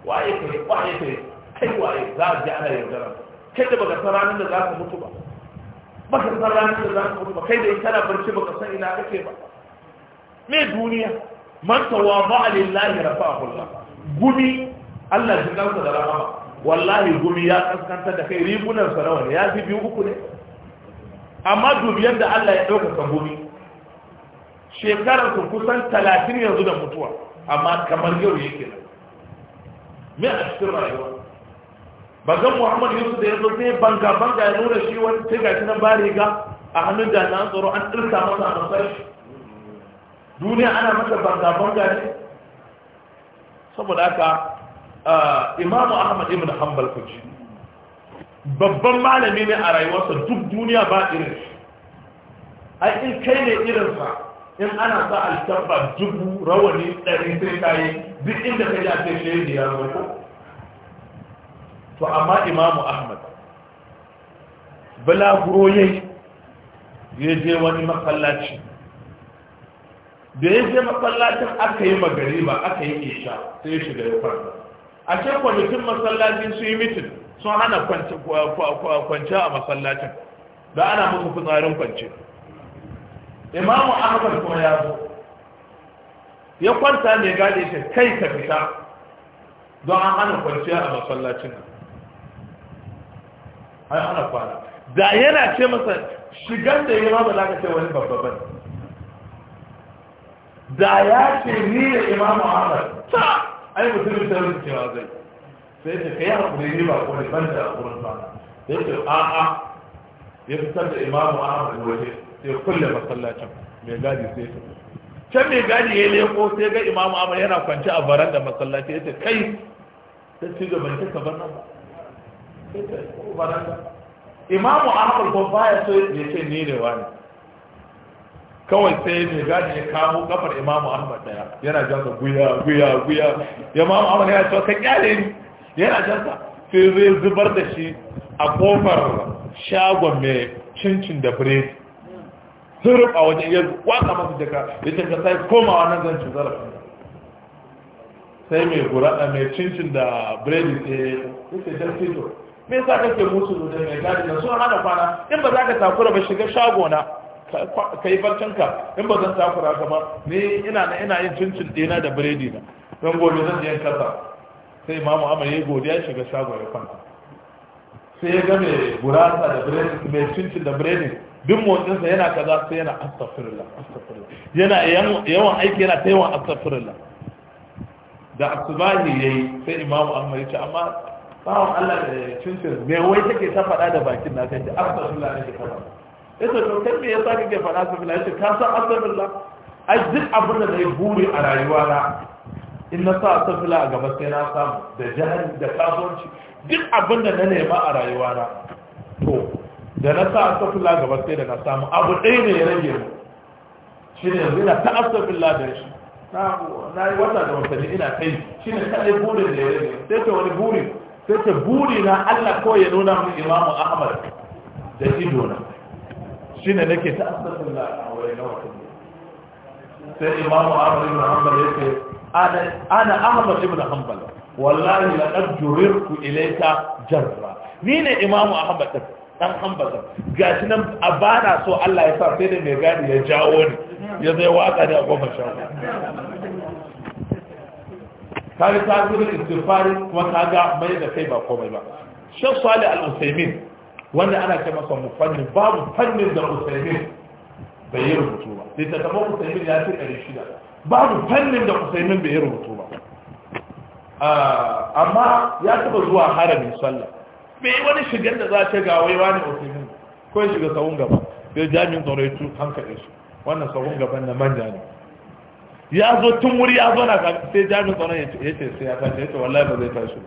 waye ka yi waye kai kai waye za a ji ana yaudara kai da baka san ranar da za ka mutu ba baka san ranar da za ka mutu ba kai da in kana barci baka san ina kake ba me duniya man tawaba lillahi rafa'ahu Allah gumi Allah jin kansa da rahama wallahi gumi ya kaskanta da kai rigunan sa nawa ne ya fi biyu uku ne amma dubiyan da Allah ya ɗaukaka gumi shekarar kusan talatin yanzu da mutuwa amma kamar yau yake nan me a cikin rayuwa ba zan muhammad yusuf da ya zo sai banka banka ya nuna shi wani sai ga shi ba riga a hannun jami'an tsaro an tsirka masa a masar duniya ana masa banka banka ne saboda haka imamu ahmad ibn hanbal kuci babban malami ne a rayuwarsa duk duniya ba irin shi ai in kai ne irinsa in ana sa alkyabba dubu rawani ɗari sai kayi duk inda ka ji a sai ya zo to amma imamu ahmad balaguro ya ya je wani masallaci da ya je masallacin aka yi magariba aka yi isha sai ya shiga ya farka a ce kwamitin masallacin su yi mitin sun hana kwanciya a masallacin da ana musu fitsarin kwanci imamu ahmad kuma ya zo ya kwanta mai gane ya kai ka fita don an hana kwanciya a masallacin nan ai ana kwana da yana ce masa shigar da yi ba za ka ce wani babba da ya ce ni da imamu ahmad ta ai mutum ta wani cewa zai sai ta kai hakuri ni ba kuma ban da hakurin ba sai ta a'a ya fitar da imamu ahmad waje sai kulle masallacin mai gadi sai ta can mai gadi ya leko sai ga imamu amma yana kwance a baranda masallaci ya ce kai ta ci gaban ta ka bar nan ba baranda imamu ahmad ko baya so ya ce ni ne wani kawai sai mai gadi ya kawo kafar imamu ahmad daya yana jansa guya guya guya mamu ahmad ya ce ka kyale ni yana jansa sai zai zubar da shi a kofar shagon mai cincin da biredi turub a wajen yanzu waka masu jaka ya ce ka sai komawa nan zan ci sai mai gura eh, mai cincin da biredi sai ya jan fito me yasa kake musu da mai gadi na suna hana kwana in ba za ka takura ba shiga shagona ka yi barcinka in ba zan takura ka ba ni ina na ina yin cincin dina da biredi na don gobe zan yi kasa sai imamu amma ya godiya shiga shago ya kwanta sai ya ga mai gurasa da biredi mai cincin da biredi duk motsinsa yana kaza sai yana astaghfirullah yana yawan aiki yana ta yawan astaghfirullah da asubahi yi sai imamu ahmad ya ce amma tsawon Allah da ya cincin me wai take ta faɗa da bakin na kai astaghfirullah ne ke faɗa ya ce to kai ya yasa kake faɗa astaghfirullah ya ce ka san astaghfirullah ai duk abin da zai buri a rayuwa na in na sa astaghfirullah a gaba sai na samu da jihar da kasuwanci duk abin da na nema a rayuwa na to da na sa astagfirullah gaba sai da na samu abu ɗaya ne ya rage mu shi ne yanzu ina ta astagfirullah da shi na yi wata da watanni ina kai shi ne kaɗai burin da ya rage sai ta wani buri sai ta buri na allah ko ya nuna mu imamu ahmad da ido na shi ne nake ta astagfirullah a wani na watanni sai imamu ahmad ibn hanbal ya ce ana ahmad ibn hanbal wallahi laqad jurirtu ilayka jarra ni ne imamu ahmad din dan bazan gashi nan a bana so Allah ya sa sai da mai gadi ya jawo ni ya zai waka a goma sha ka yi ta gudun istifari kuma ka ga mai da kai ba komai ba Sheikh sali al usaimin wanda ana ce masa mu fanni babu fannin da usaimin bai yi rubutu ba sai ta tabo usaimin ya fi ɗari shida babu fannin da usaimin bai yi rubutu ba ah, amma ya taba zuwa harami sallah bai wani shigar da za ta ga wai wani musulmi ko ya shiga sahun gaba sai jami'in tsaro ya tu hankali shi wannan sahun gaban na manja ne ya zo tun wuri ya zo na sai jami'in tsaro ya ce sai ya tashi ya ce wallahi ba zai tashi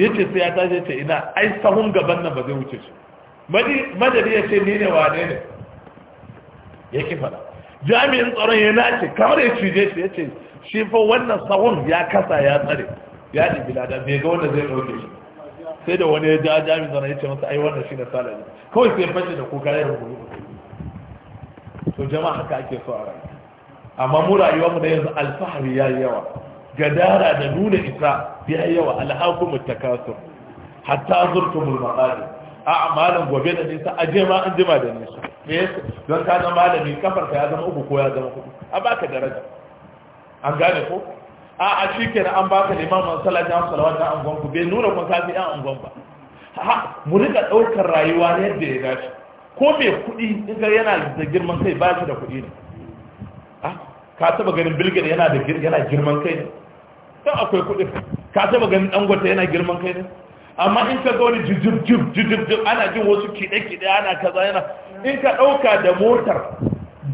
ya ce sai ya tashi ya ce ina ai sahun gaban nan ba zai wuce shi madadi ya ce ni ne wa ne ya ki faɗa jami'in tsaron ya nace kamar ya cije shi ya ce shi fa wannan sahun ya kasa ya tsare ya ɗibi lada bai ga wanda zai ɗauke shi sai da wani ya ja jami'in zana ya ce masa ai wannan shi na sala ne kawai sai fashe da kuka ya rubu to jama'a haka ake so a rayu amma mu rayuwar mu da yanzu alfahari ya yawa gadara da nuna isa ya yawa alhakumu takasur hatta zurtumul maqadir a malam gobe da nisa a jema an jima da nisa me yasa don ka zama malami kafar ya zama uku ko ya zama hudu a baka daraja an gane ko a a shi kenan an baka limamin sallah ta salawat na angon ku bai nuna kun kafi yan angon ba ha mu rika daukar rayuwa yadda ya dace ko mai kuɗi in ga yana da girman kai ba shi da kuɗi ne ka taba ganin bilgin yana da yana girman kai ne don akwai kuɗi ka taba ganin dangote yana girman kai ne amma in ka ga wani jujjub jujjub ana jin wasu kiɗe-kiɗe ana kaza yana in ka ɗauka da motar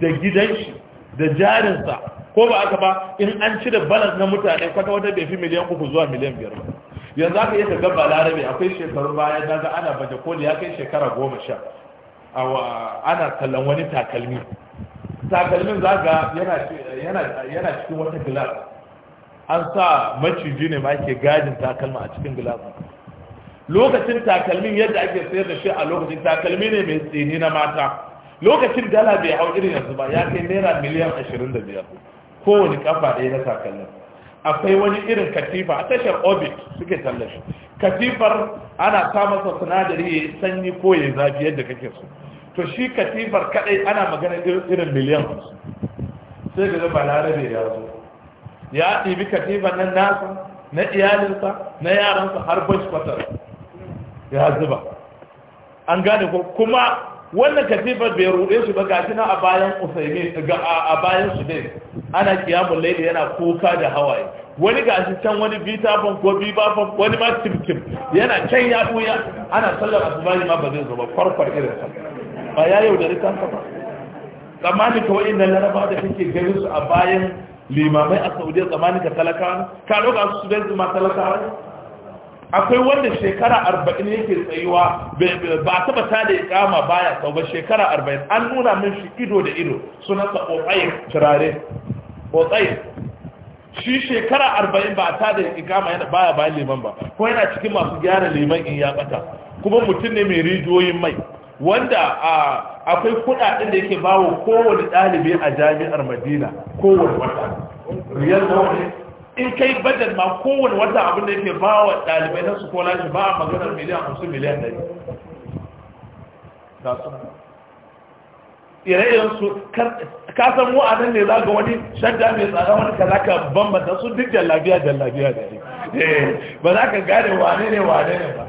da gidan shi da jarinsa ko ba aka ba in an ci da balance na mutane kwata wata bai fi miliyan uku zuwa miliyan biyar ba yanzu aka iya ga balarabe akwai shekaru baya daga ana baje koli ya kai shekara goma sha ana kallon wani takalmi takalmin za ga yana cikin wata gilas an sa maciji ne ma ke gadin takalma a cikin gilas lokacin takalmin yadda ake sayar da shi a lokacin takalmi ne mai tsini na mata lokacin dala bai hau irin yanzu ba ya kai naira miliyan ashirin da biyar kowane kafa ɗaya na sakallin akwai wani irin katifa a tashar orbit suke tallashi katifar ana ta masa sinadari ya sanyi ko ya zafi yadda kake so to shi katifar kadai ana magana irin miliyan hamsin sai ga balarabe ya zo ya ɗibi katifar nan nasa na iyalinsa na yaransa har bush kwatar ya zuba an gane ko kuma wannan katifar bai ruɗe su ba ga tana a bayan usaimi a bayan su ne ana kiyamun laili yana kuka da hawaye wani ga shi can wani bita ban ko bi ba ban wani ma timtim yana can ya buya ana sallar asubani ma ba zai zo ba kwarkwar irin sa ba ya yau da rikan ba tsammanin ka wa'in nan laraba da kake ganin su a bayan limamai a saudiya tsammanin ka talaka ka ɗauka su su dai zuma talaka akwai wanda shekara arba'in yake tsayuwa ba taba ta da ikama baya sau ba shekara arba'in an nuna min shi ido da ido ta otsayin turare otsayin shi shekara arba'in ba ta da ikama yana baya bayan liman ba ko yana cikin masu gyara liman in ya bata kuma mutum ne mai rijiyoyin mai wanda akwai kuɗaɗen da yake bawa kowane ɗalibi a jami'ar madina kowane wata in kai budget ma kowane wata abin da yake ba wa ɗalibai na su kola shi ba a maganar miliyan hamsin miliyan ɗari da su ire su ka mu a nan ne za ga wani shadda mai tsada wani ka za ka bambanta su duk jallabiya jallabiya da ne eh, ba za ka gane wane ne wane ne ba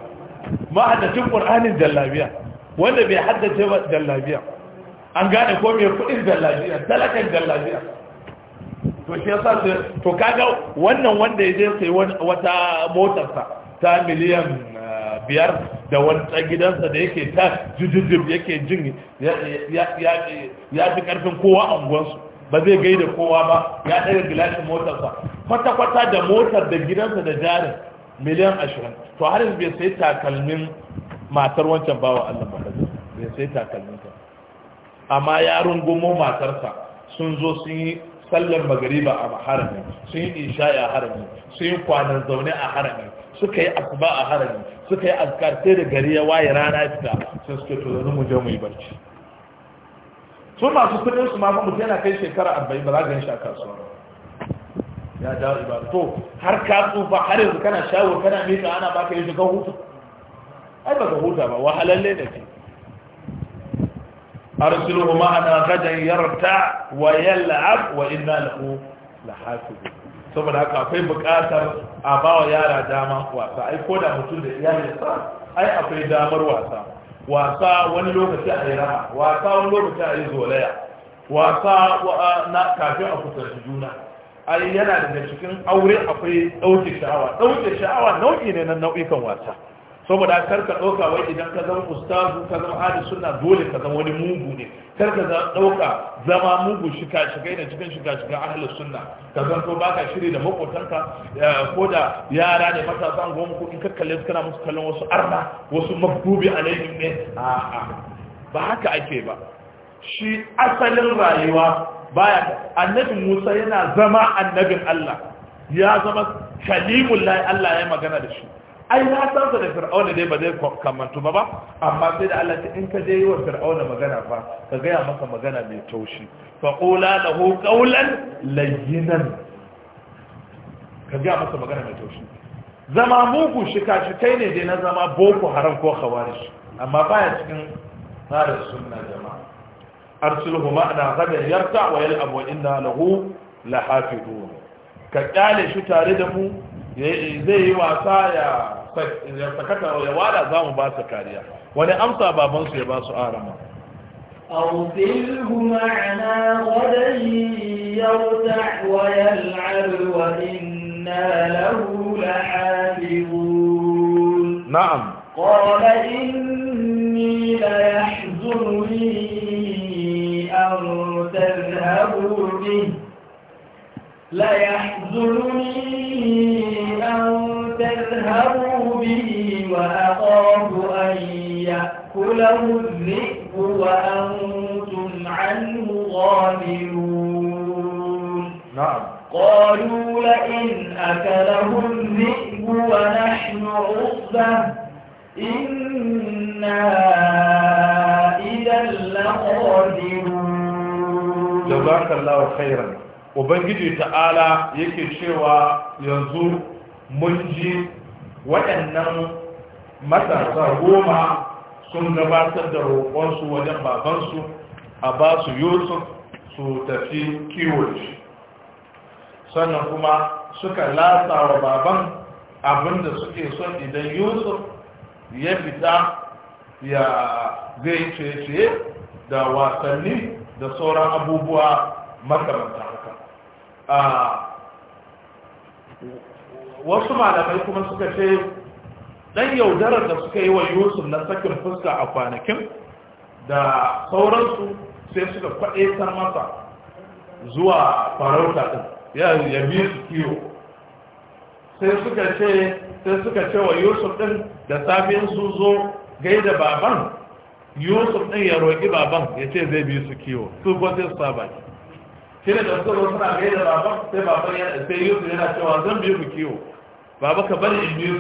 mahaddacin ƙur'anin jallabiya wanda bai haddace ba jallabiya an gane ko mai kuɗin jallabiya talakan jallabiya to shi yasa to kaga wannan wanda ya je sai wata motarsa ta miliyan eh, biyar da wancan gidansa da yake ta jujujub yake jin ya fi karfin kowa a unguwarsu ba zai gaida kowa ba ya ɗaga gilashin motarsa kwata-kwata da motar da gidansa da jarin miliyan ashirin to har yanzu bai sai takalmin matar wancan bawa allah ba bai sai takalmin ta amma ya rungumo matarsa sun zo sun yi sallar magariba a harami sun yi isha'i a harami sun yi kwanan zaune a harami suka yi asuba a harami suka yi azkar da gari ya waye rana fita sun suke to mu je mu yi barci su masu kudin su ma mutum yana kai shekara arba'in ba za ka yi shi a kasuwa ya dawo ibada to har ka tsufa har yanzu kana shawo kana miƙa ana baka yi shiga hutu ai ba ka huta ba wahalalle da ke arsiluhu ma'ana gadan yarta wa yal'ab wa inna lahu lahafiz saboda haka akwai buƙatar a wa yara dama wasa ai ko da mutum da iyalinsa ai akwai damar wasa wasa wani lokaci a yi rama wasa wani lokaci a yi zolaya wasa kafin a kusanci juna ai yana daga cikin aure akwai ɗauke sha'awa ɗauke sha'awa nau'i ne na nau'ikan wasa saboda kar ka ɗauka wai idan ka zama ustazu ka zama ahli suna dole ka zama wani mugu ne kar ka ɗauka zama mugu shika shikai ne cikin shiga shikan ahli sunna ka zan to baka shiri da makotanka ko da yara ne matasa an goma ko in ka su kana musu kallon wasu arna wasu mafdubi alaihim ne a'a ba haka ake ba shi asalin rayuwa baya annabi Musa yana zama annabin Allah ya zama kalimullahi Allah ya magana da shi ai na san da fir'auna dai ba zai kamantu ba amma sai da Allah ta in ka je yi wa fir'auna magana fa ka gaya maka magana mai taushi fa qula lahu qawlan layyinan ka gaya maka magana mai taushi zama mugu shika kai ne dai na zama boko haram ko khawarij amma baya cikin tsarin sunna jama'a arsulhu ma'ana gadan yarta wa yal'abu inna lahu lahafidun ka kyale shi tare da mu zai yi wasa ya sakata ya wada za mu ba su kariya wani amsa babansu ya ba su arama أرسله معنا غدا يرتع ويلعب وإنا له لحافظون نعم قال إني ليحزنني أن تذهبوا به لا يحزنني أن تذهبوا به وأخاف أن يأكله الذئب وأنتم عنه غافلون نعم قالوا لئن أكله الذئب ونحن عصبة إنا إذا لقادرون جزاك الله خيرا ubangiji ta'ala yake cewa yanzu mun ji waɗannan matasa goma sun gabatar da roƙonsu wajen babansu a ba su yusuf su tafi kiwon sannan kuma suka lasa wa baban abinda suke son idan yusuf ya fita ya zai cece da wasanni da sauran abubuwa makaranta wasu malamai kuma suka ce dan yaudarar da suka yi wa yusuf na sakin fuska a kwanakin da sauransu sai suka kwaɗaitar masa zuwa farauta ɗin ya yabi su kiwo sai suka ce sai suka ce wa yusuf ɗin da safiyan su zo gaida baban yusuf ɗin ya roƙi baban ya ce zai bi su kiwo su ko sai su sai da ɗansu ruwa suna gaida da baban sai baban ya sai yusuf yana cewa zan biyu mu kiwo baba ka bari in biyu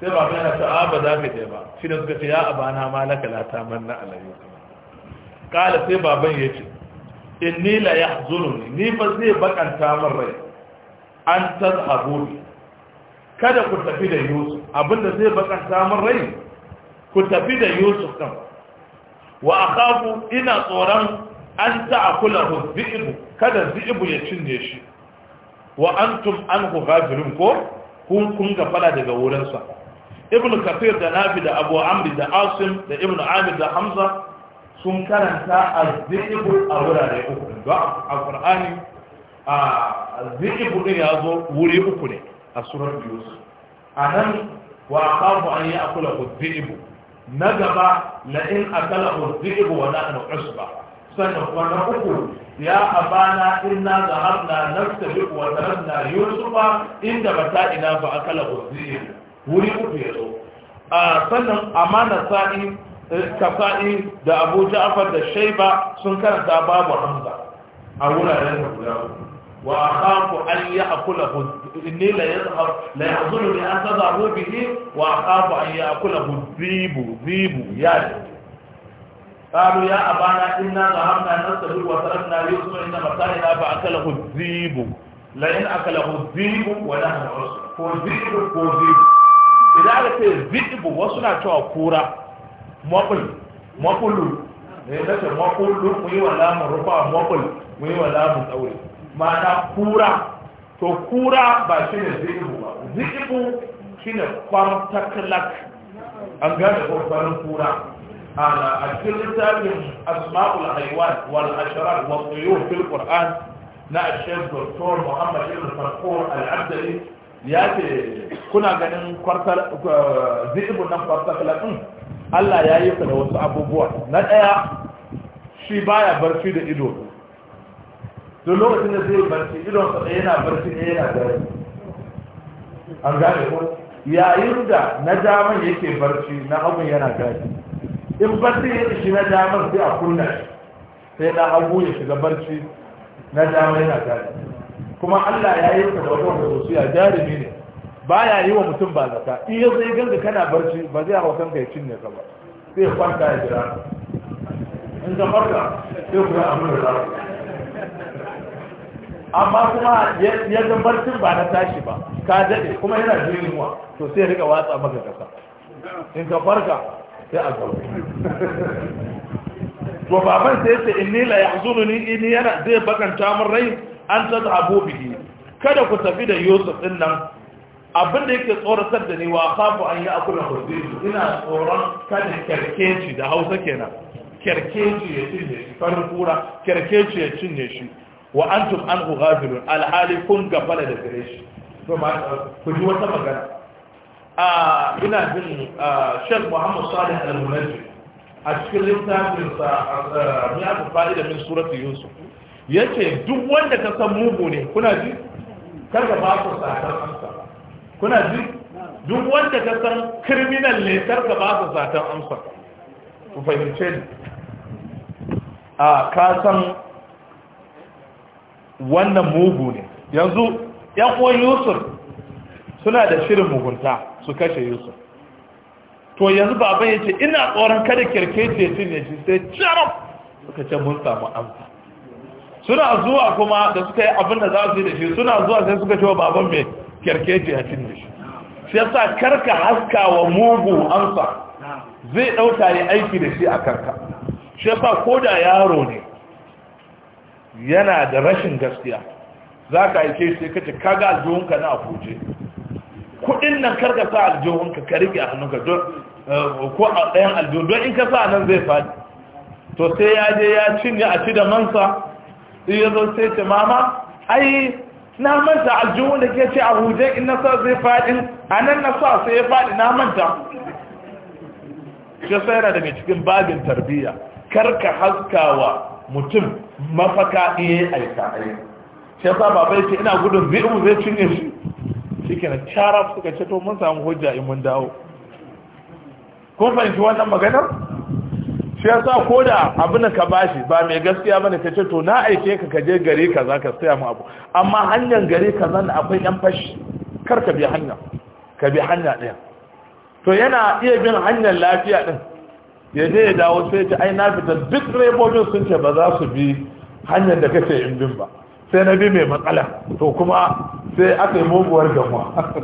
sai baban yana cewa ba za ka je ba shi da suka ce ya abana malaka la ta na, alayyu kala sai baban ya ce inni la yahzununi ni fa zai bakanta min rai an tazhabu kada ku tafi da yusuf abinda zai bakanta min rai ku tafi da yusuf kan wa akhafu ina tsoron an ta'kulahu dhi'bu kada dhi'bu ya cinye shi wa antum anhu ghafilun ko kun kun gafala daga wurin sa ibnu kafir da nafi da abu amr da asim da ibnu amir da hamza sun karanta az-dhi'bu a wurare uku ga alqur'ani a dhi'bu din ya zo wuri uku ne a surar yusuf anan wa aqafu an ya'kulahu dhi'bu na gaba la in akalahu dhi'bu wa nahnu usba sannan kuma na uku ya abana inna zahabna nastabiq wa na yusufa inda ba a kala uzir wuri uku ya zo sannan amana sa'i kafa'i eh, da abu ja'far da shaiba sun karanta babu hamza a wuraren da guda wa a akhafu an yi a kula inni la yazhar la zuru ne an tadhahu bihi wa a akhafu an yi ya'kulahu zibu zibu ya قالوا يا أبانا إنا ذهبنا نستهل وتركنا يوسف إن مكاننا فأكله الذيب لئن أكله الذيب ونحن عسر كذيب كذيب إذا قالت الذيب وصنع شوى كورة مقل مقل إذا كان مقل مي ولا مرفع مقل مي ولا متأول معنى كورة to kura ba shi الذيب zikibu ba zikibu shi ne kwartaklak an gane Ana a cikin littafin asma'ul haiwan wal asharar wa tsayuwar fil qur'an na ashef doktor muhammad ibn al abdali ya ce kuna ganin kwartar zibu nan kwartar talatin allah ya yi da wasu abubuwa na ɗaya shi baya barci da ido don lokacin da zai barci sa da yana barci da yana dare an gane ko yayin da na daman yake barci na abun yana gaji. in barci ya ishi na damar sai a kunna shi sai na hagu ya shiga barci na damar yana gani kuma Allah ya yi ka wata wata su ya jarumi ne ba ya yi wa mutum ba zata in ya zai ganga kana barci ba zai hau kanka ya cinye ka ba sai kwanta ya jira in ka farka sai ku yi amur da amma kuma ya zan barcin ba na tashi ba ka daɗe kuma yana jirin wa to sai rika watsa maka kasa in ka farka sai a zaune to baban sai in ni la yahzununi inni yana zai bakanta min rai an tazhabu bihi kada ku tafi da Yusuf din nan abin da yake tsoratar da ni wa kafu an yi akula ina tsoron kada kerkeci da Hausa kenan kerkeci ya cinye shi farin kura kerkeci ya cinye shi wa antum an ghafilun alhali kun gafala da gare shi to ma ku ji wata magana Ah, ina jin ah, shek muhammad salih al munaji a cikin littafinsa ya fi da min suratu yusuf yake duk wanda ka san mugu ne kuna ji kar ka ba su satar amsa kuna ji duk wanda ka san criminal ne kar ka ba su satar amsa ku fahimce ni a ah, ka san wannan mugu ne yanzu yan uwan yusuf suna da shirin mugunta su kashe yusuf to yanzu baban ya ce ina tsoron kada ce ya cinye shi sai carab suka ce mun samu amsa suna zuwa kuma da suka yi abin da za su yi da shi suna zuwa sai suka ce wa baban mai a ya cinye shi shi sa, karka haska wa mugu amsa zai ɗauka ya aiki da shi a karka shi sa ko da yaro ne yana da rashin gaskiya za ka aike shi sai ka ce kaga zuwanka na Abuja. kudin nan kar ka sa aljihunka ka rike a hannunka eh, ko a ɗayan aljihun don in ka sa nan zai faɗi to sai ya je ya cinye a ci da mansa iya zo sai ce mama ai na manta aljihun da ke ce a huje in na sa zai faɗi a nan na sa sai ya faɗi na manta shi sai yana daga cikin babin tarbiyya kar ka haskawa mutum mafaka iya aika aika shi sa baba ce ina gudun zai zai cinye shi shikenan sharaf suka ce to mun samu hujja in mun dawo ko fahimci wannan maganar shi ya sa ko da abin ka bashi ba mai gaskiya bane ka ce to na aike ka kaje gari kaza ka saya mu abu amma hanyar gari kaza da akwai yan fashi kar ka bi hanya ka bi hanya ɗaya to yana iya bin hanyar lafiya din ya je ya dawo sai ta ai na fita duk direbobin sun ce ba za su bi hanyar da kace in bin ba sai na bi mai matsala to kuma sai aka yi muguwar gamuwa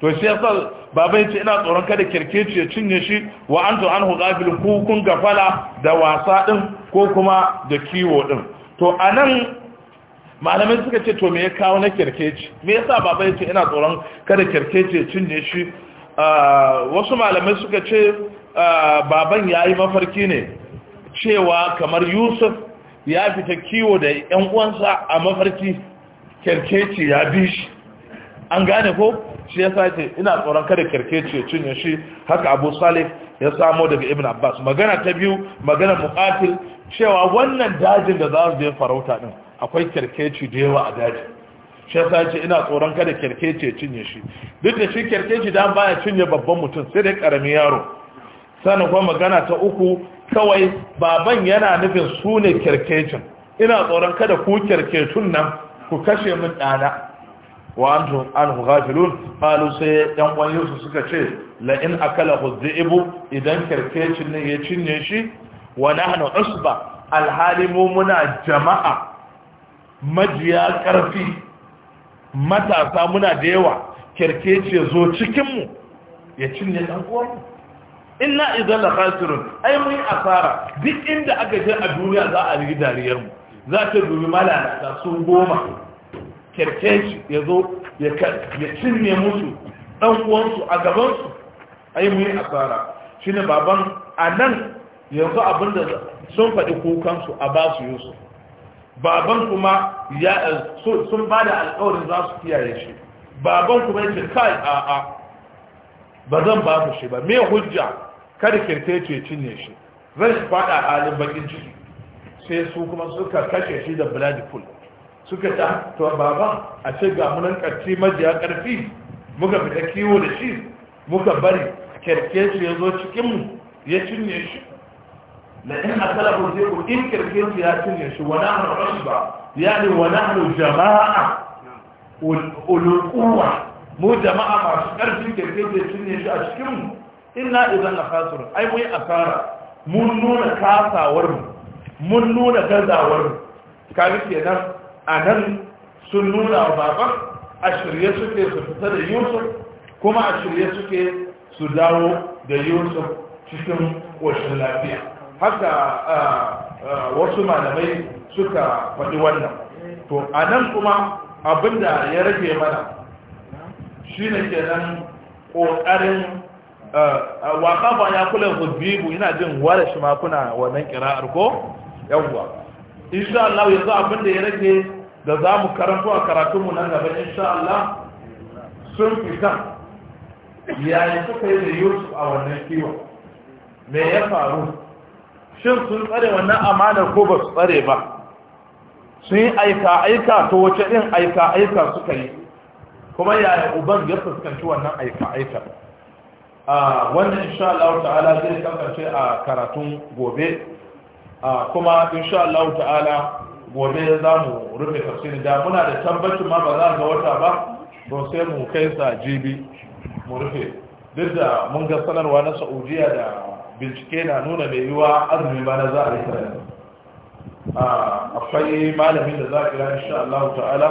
to shi sa babai ce ina tsoron kada kirkeci ya cinye shi wa an to an hukabil ku kun gafala da wasa ɗin ko kuma da kiwo ɗin to a nan malamai suka ce to me ya kawo na kirkeci me ya sa babai ce ina tsoron kada kirkeci ya cinye shi wasu malamai suka ce baban ya yi mafarki ne cewa kamar Yusuf ya fita kiwo da ‘yan uwansa a mafarki kerkeci ya bi shi an gane ko shi ya sace ina tsoron kada kerkeci ya cinye shi haka abu salif ya samo daga ibn abbas magana ta biyu magana muqatil cewa wannan dajin da za su je farauta din akwai kerkeci da yawa a daji shi ya sace ina tsoron kada kerkeci ya cinye shi duk da shi kerkeci dan baya cinye babban mutum sai dai karamin yaro sannan kuma magana ta uku kawai baban yana nufin su ne kirkecin ina tsoron kada ku kirkecin nan ku kashe min ɗana wa antum anhu ghafilun qalu sai yan uwan yusuf suka ce la in akala hudhibu idan kirkecin ne ya cinye shi wa nahnu usba mu muna jama'a majiya karfi matasa muna da yawa kirkece zo cikin mu ya cinye ɗan inna idan la khasirun ai mun asara duk inda aka je a duniya za a rigi dariyar mu za ta dubi malalata sun goma kerkeci ya zo ya cinne musu dan uwansu a gaban su ai mun asara shine baban anan yanzu abinda sun faɗi kukan su a ba su yusuf baban kuma ya sun ba da alƙawarin za su kiyaye shi baban kuma yake kai a'a ba zan ba su shi ba me hujja kada kirtece ya cinye shi zai shi fada halin bakin ciki sai su kuma suka kashe shi da bloody pool suka ta ah, to baba a ce ga munan karfi majiya karfi muka fita kiwo da shi muka bari kirkeci ya zo cikinmu ya cinye shi na in a ko zai ko, in kirkeci ya cinye shi wani hannu rashba ya ne wani hannu jama'a ulukuwa mu jama'a masu karfi kirkeci ya cinye shi a cikinmu inna idan na kasuru ai mun yi asara mun nuna kasawar mu mun nuna gazawar mu kaga kenan a nan sun nuna wa baban a shirye suke su fita da yusuf kuma a shirye suke su dawo da yusuf cikin ƙoshin lafiya haka wasu malamai suka faɗi wannan to a nan kuma abinda ya rage mana shi ne kenan ƙoƙarin Eh, wa kafa ya kula hudibu ina jin ware shi ma kuna wannan kira'ar ko yawwa insha Allah yanzu abin da ya rage da za mu karanto a karatunmu nan gaba insha Allah sun fita yi suka yi da Yusuf a wannan kiwa me ya faru shin sun tsare wannan amana ko ba su tsare ba sun yi aika aika to wace din aika aika suka yi kuma yaya uban ya fuskanci wannan aika aika Ah, wanda insha Allah ta'ala zai kasance a karatun gobe ah, kuma insha Allah ta'ala gobe za mu rufe tafsiri da muna da tabbacin ma ba za ga wata ba don sai mu kai sa jibi mu rufe duk da mun ga sanarwa na saudiya da bincike na nuna mai yiwa azumi ba na za a yi ah, akwai malamin da za kira insha Allah ta'ala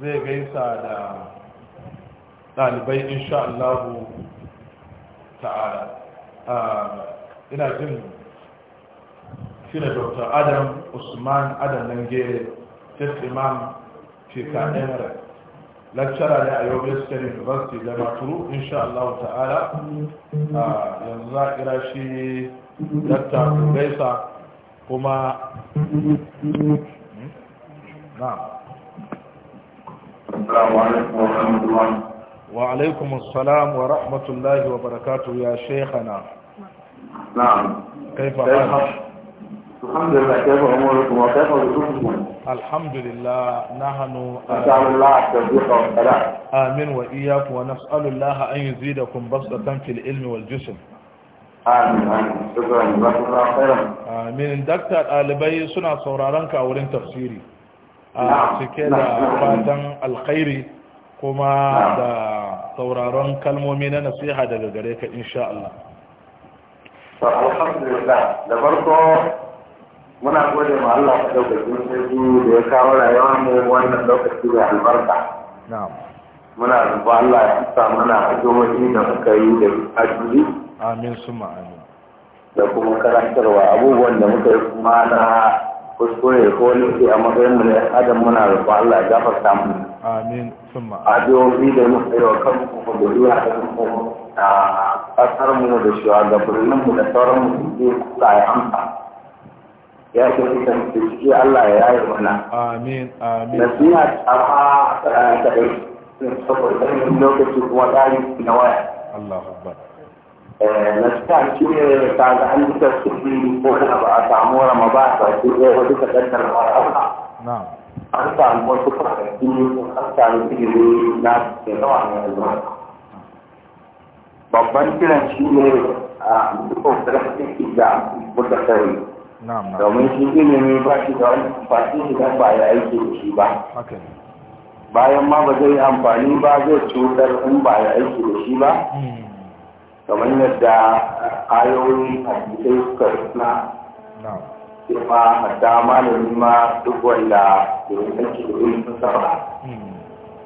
zai gaisa da ɗalibai insha Allah ta'ala ah, ina jin shi ne dr adam usman adam nangere test imam sheka mm-hmm. emirat lakcara ne a yobin state university da maturu insha allahu ta'ala mm-hmm. ah, yanzu za a kira shi mm-hmm. dr gaisa kuma na السلام عليكم ورحمة الله وعليكم السلام ورحمة الله وبركاته يا شيخنا نعم كيف حالك الحمد لله كيف أموركم وكيف أموركم الحمد لله نحن نسأل الله التوفيق والسلام آمين وإياكم ونسأل الله أن يزيدكم بسطة في العلم والجسم آمين آمين شكرا جزاكم الله خيرا آمين دكتور ألبي سنة sauraron ka a wurin آمين. a cike da fatan alkhairi kuma da sauraron kalmomi na nasiha daga gare ka insha Allah alhamdulillah da farko muna gode ma Allah ta daukakin sarki da ya kawo rayuwar mu wannan lokaci da albarka muna zuba Allah ya sa mana ajomoji da muka yi da ajiyar amin suma amin da kuma karantarwa abubuwan da muka yi kuma na kuskure ko nufi a matsayin mu ne adam muna roƙo Allah ya gafarta mu amin summa ajobi da mu kai wa kan kuma da ruwa da a kasar mu da shugabannin mu da sauran mu ke kuka ya amsa ya ce kuka shi Allah ya yi mana amin amin nasiha ta ta da saboda lokaci kuma ɗari na waya akbar na sa shi eh, ne ta ga an duka kuɗi ko da ba a samu rama ba a sauki ɗaya wata takardar ma'aikata. An samu wasu kwanaki an samu ilimi na ke nawa ne a Babban kiran shi ne a dukkan sarki da buga sarari. Domin shi ilimi ba shi da wani amfani idan ba ya aiki da shi ba. Bayan ma ba zai amfani ba kamar yadda ayoyi hadisai suka ke kuma hatta malami ma duk wanda ke ɗanki da wuri saba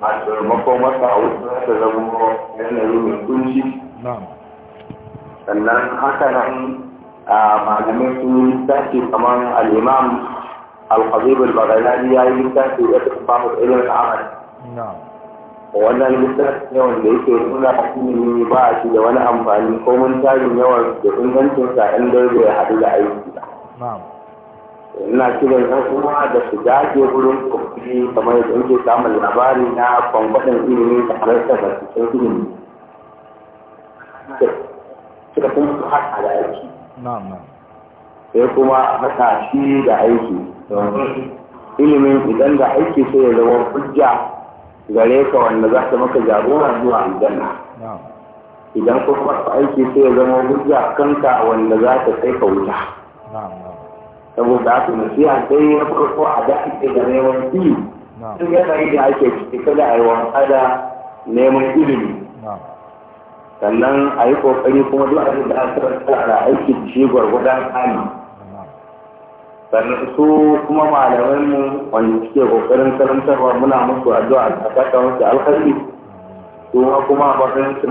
a taimakon masa a wasu zama yanayi mai kunci sannan haka nan malamai sun yi kamar al'imam al-khabib al ya yi wannan littafin yawan da yake nuna ne ba shi da wani amfani ko mun tarin yawan da ingancin sa in dai bai haɗu da aiki ba. Ina kiran ɗan uwa da su dace wurin kofi kamar yadda muke samun labari na kwangwadon ilimi da halarta da cikin ilimi. Suka kuma su haɗa da aiki. Sai kuma haɗa shi da aiki. Ilimin idan da aiki sai ya zama hujja gare ka wanda za ta maka jagora zuwa aljanna idan ko kuma aiki sai ya zama hujja kanka wanda za ta kai ka wuta saboda haka nasiha sai na farko a da ake da neman ilimi duk yi da ake ciki kada a yi da neman ilimi sannan a yi kokari kuma duk abin da aka rasa a aiki da shi gwargwadon hali sannan su kuma malaman mu wanda suke kokarin karantarwa muna musu addu'a a kaka musu alkhairi su ma kuma ba san su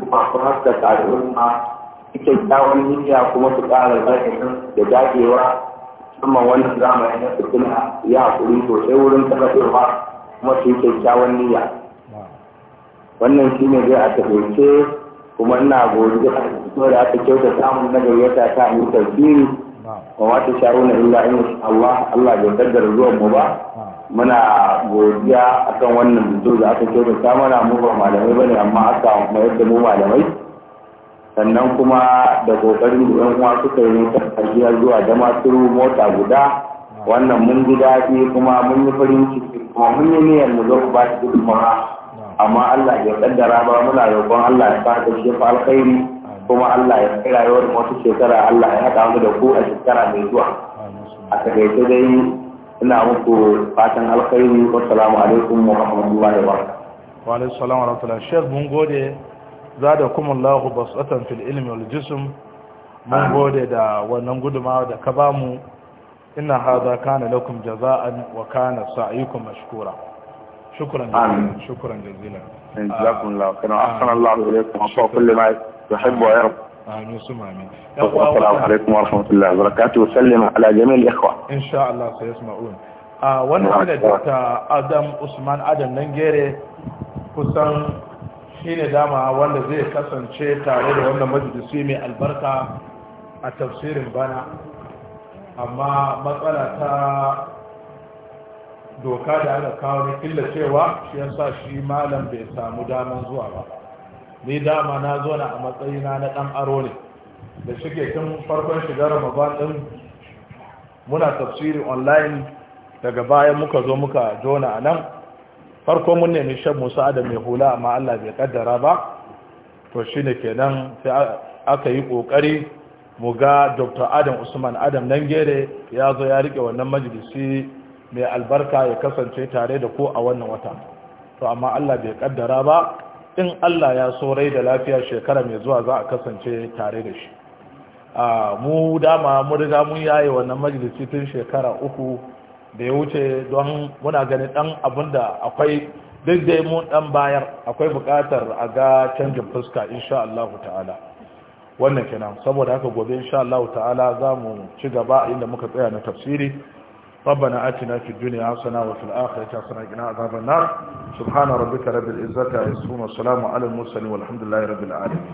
kuma su haska tarihin ma suke kyawun niyya kuma su ƙara zarafin da dagewa musamman wannan zamani na fitina ya haƙuri sosai wurin tabbatarwa kuma su yi kyawun niyya wannan shi ne zai a tafiye kuma ina godiya da aka kyauta samun na gayyata ta hanyar tasiri wa ta sharuna illa in Allah Allah bai kaddara zuwan mu ba muna godiya akan wannan mutum da aka ta mana mu ba malamai bane amma aka mayar da mu malamai sannan kuma da kokarin da yan uwa suka yi ta tafiya zuwa dama turu mota guda wannan mun ji daɗi kuma mun yi farin ciki kuma mun yi niyyar mu zo ba shi gudunmawa amma Allah ya kaddara ba muna roƙon Allah ya sa ta shi alkhairi kuma Allah ya kai rayuwar wata shekara Allah ya haɗa wani da ku a shekara mai zuwa a takaice dai ina muku fatan alkhairi wa salamu alaikum wa rahmatullahi wa barakatuh wa alaikum salam wa rahmatullahi shek mun gode kuma zadakumullahu basatan fil ilmi wal jism mun gode da wannan gudumawa da ka bamu inna hadha kana lakum jaza'an wa kana sa'yukum mashkura shukran shukran jazilan jazakumullahu khairan ahsana Allahu ilaykum wa afa kulli ma يحب ويرضى آمين السلام عليكم ورحمة الله وبركاته وسلم على جميع الإخوة إن شاء الله سيسمعون wannan adam usman adam nangere kusan shi ne dama wanda zai kasance tare da wanda majalisi mai albarka a tafsirin bana amma matsala ta doka da aka kawo na killacewa shi shi malam bai samu daman zuwa ba ni dama na zo na a matsayina na ɗan aro ne da shige tun farkon shiga ramadan ɗin muna tafsiri online daga bayan muka zo muka jona a nan farko mun nemi shan musa da mai hula amma allah bai kaddara ba to shine kenan sai aka yi ƙoƙari. mu ga dr adam usman adam nan gere ya zo ya rike wannan majalisi mai albarka ya kasance tare da ku a wannan wata to amma allah bai kaddara ba in Allah ya so rai da lafiya shekara mai zuwa za a kasance tare da shi a mu dama mu riga mun yaye wannan majalisi tun shekara uku da ya wuce don muna gani dan abin da akwai duk da mu dan bayar akwai bukatar a ga canjin fuska insha Allah ta'ala wannan kenan saboda haka gobe insha Allah ta'ala za mu ci gaba inda muka tsaya na tafsiri ربنا آتنا في الدنيا حسنة وفي الآخرة حسنة وقنا عذاب النار سبحان ربك رب العزة عما يصفون والسلام على المرسلين والحمد لله رب العالمين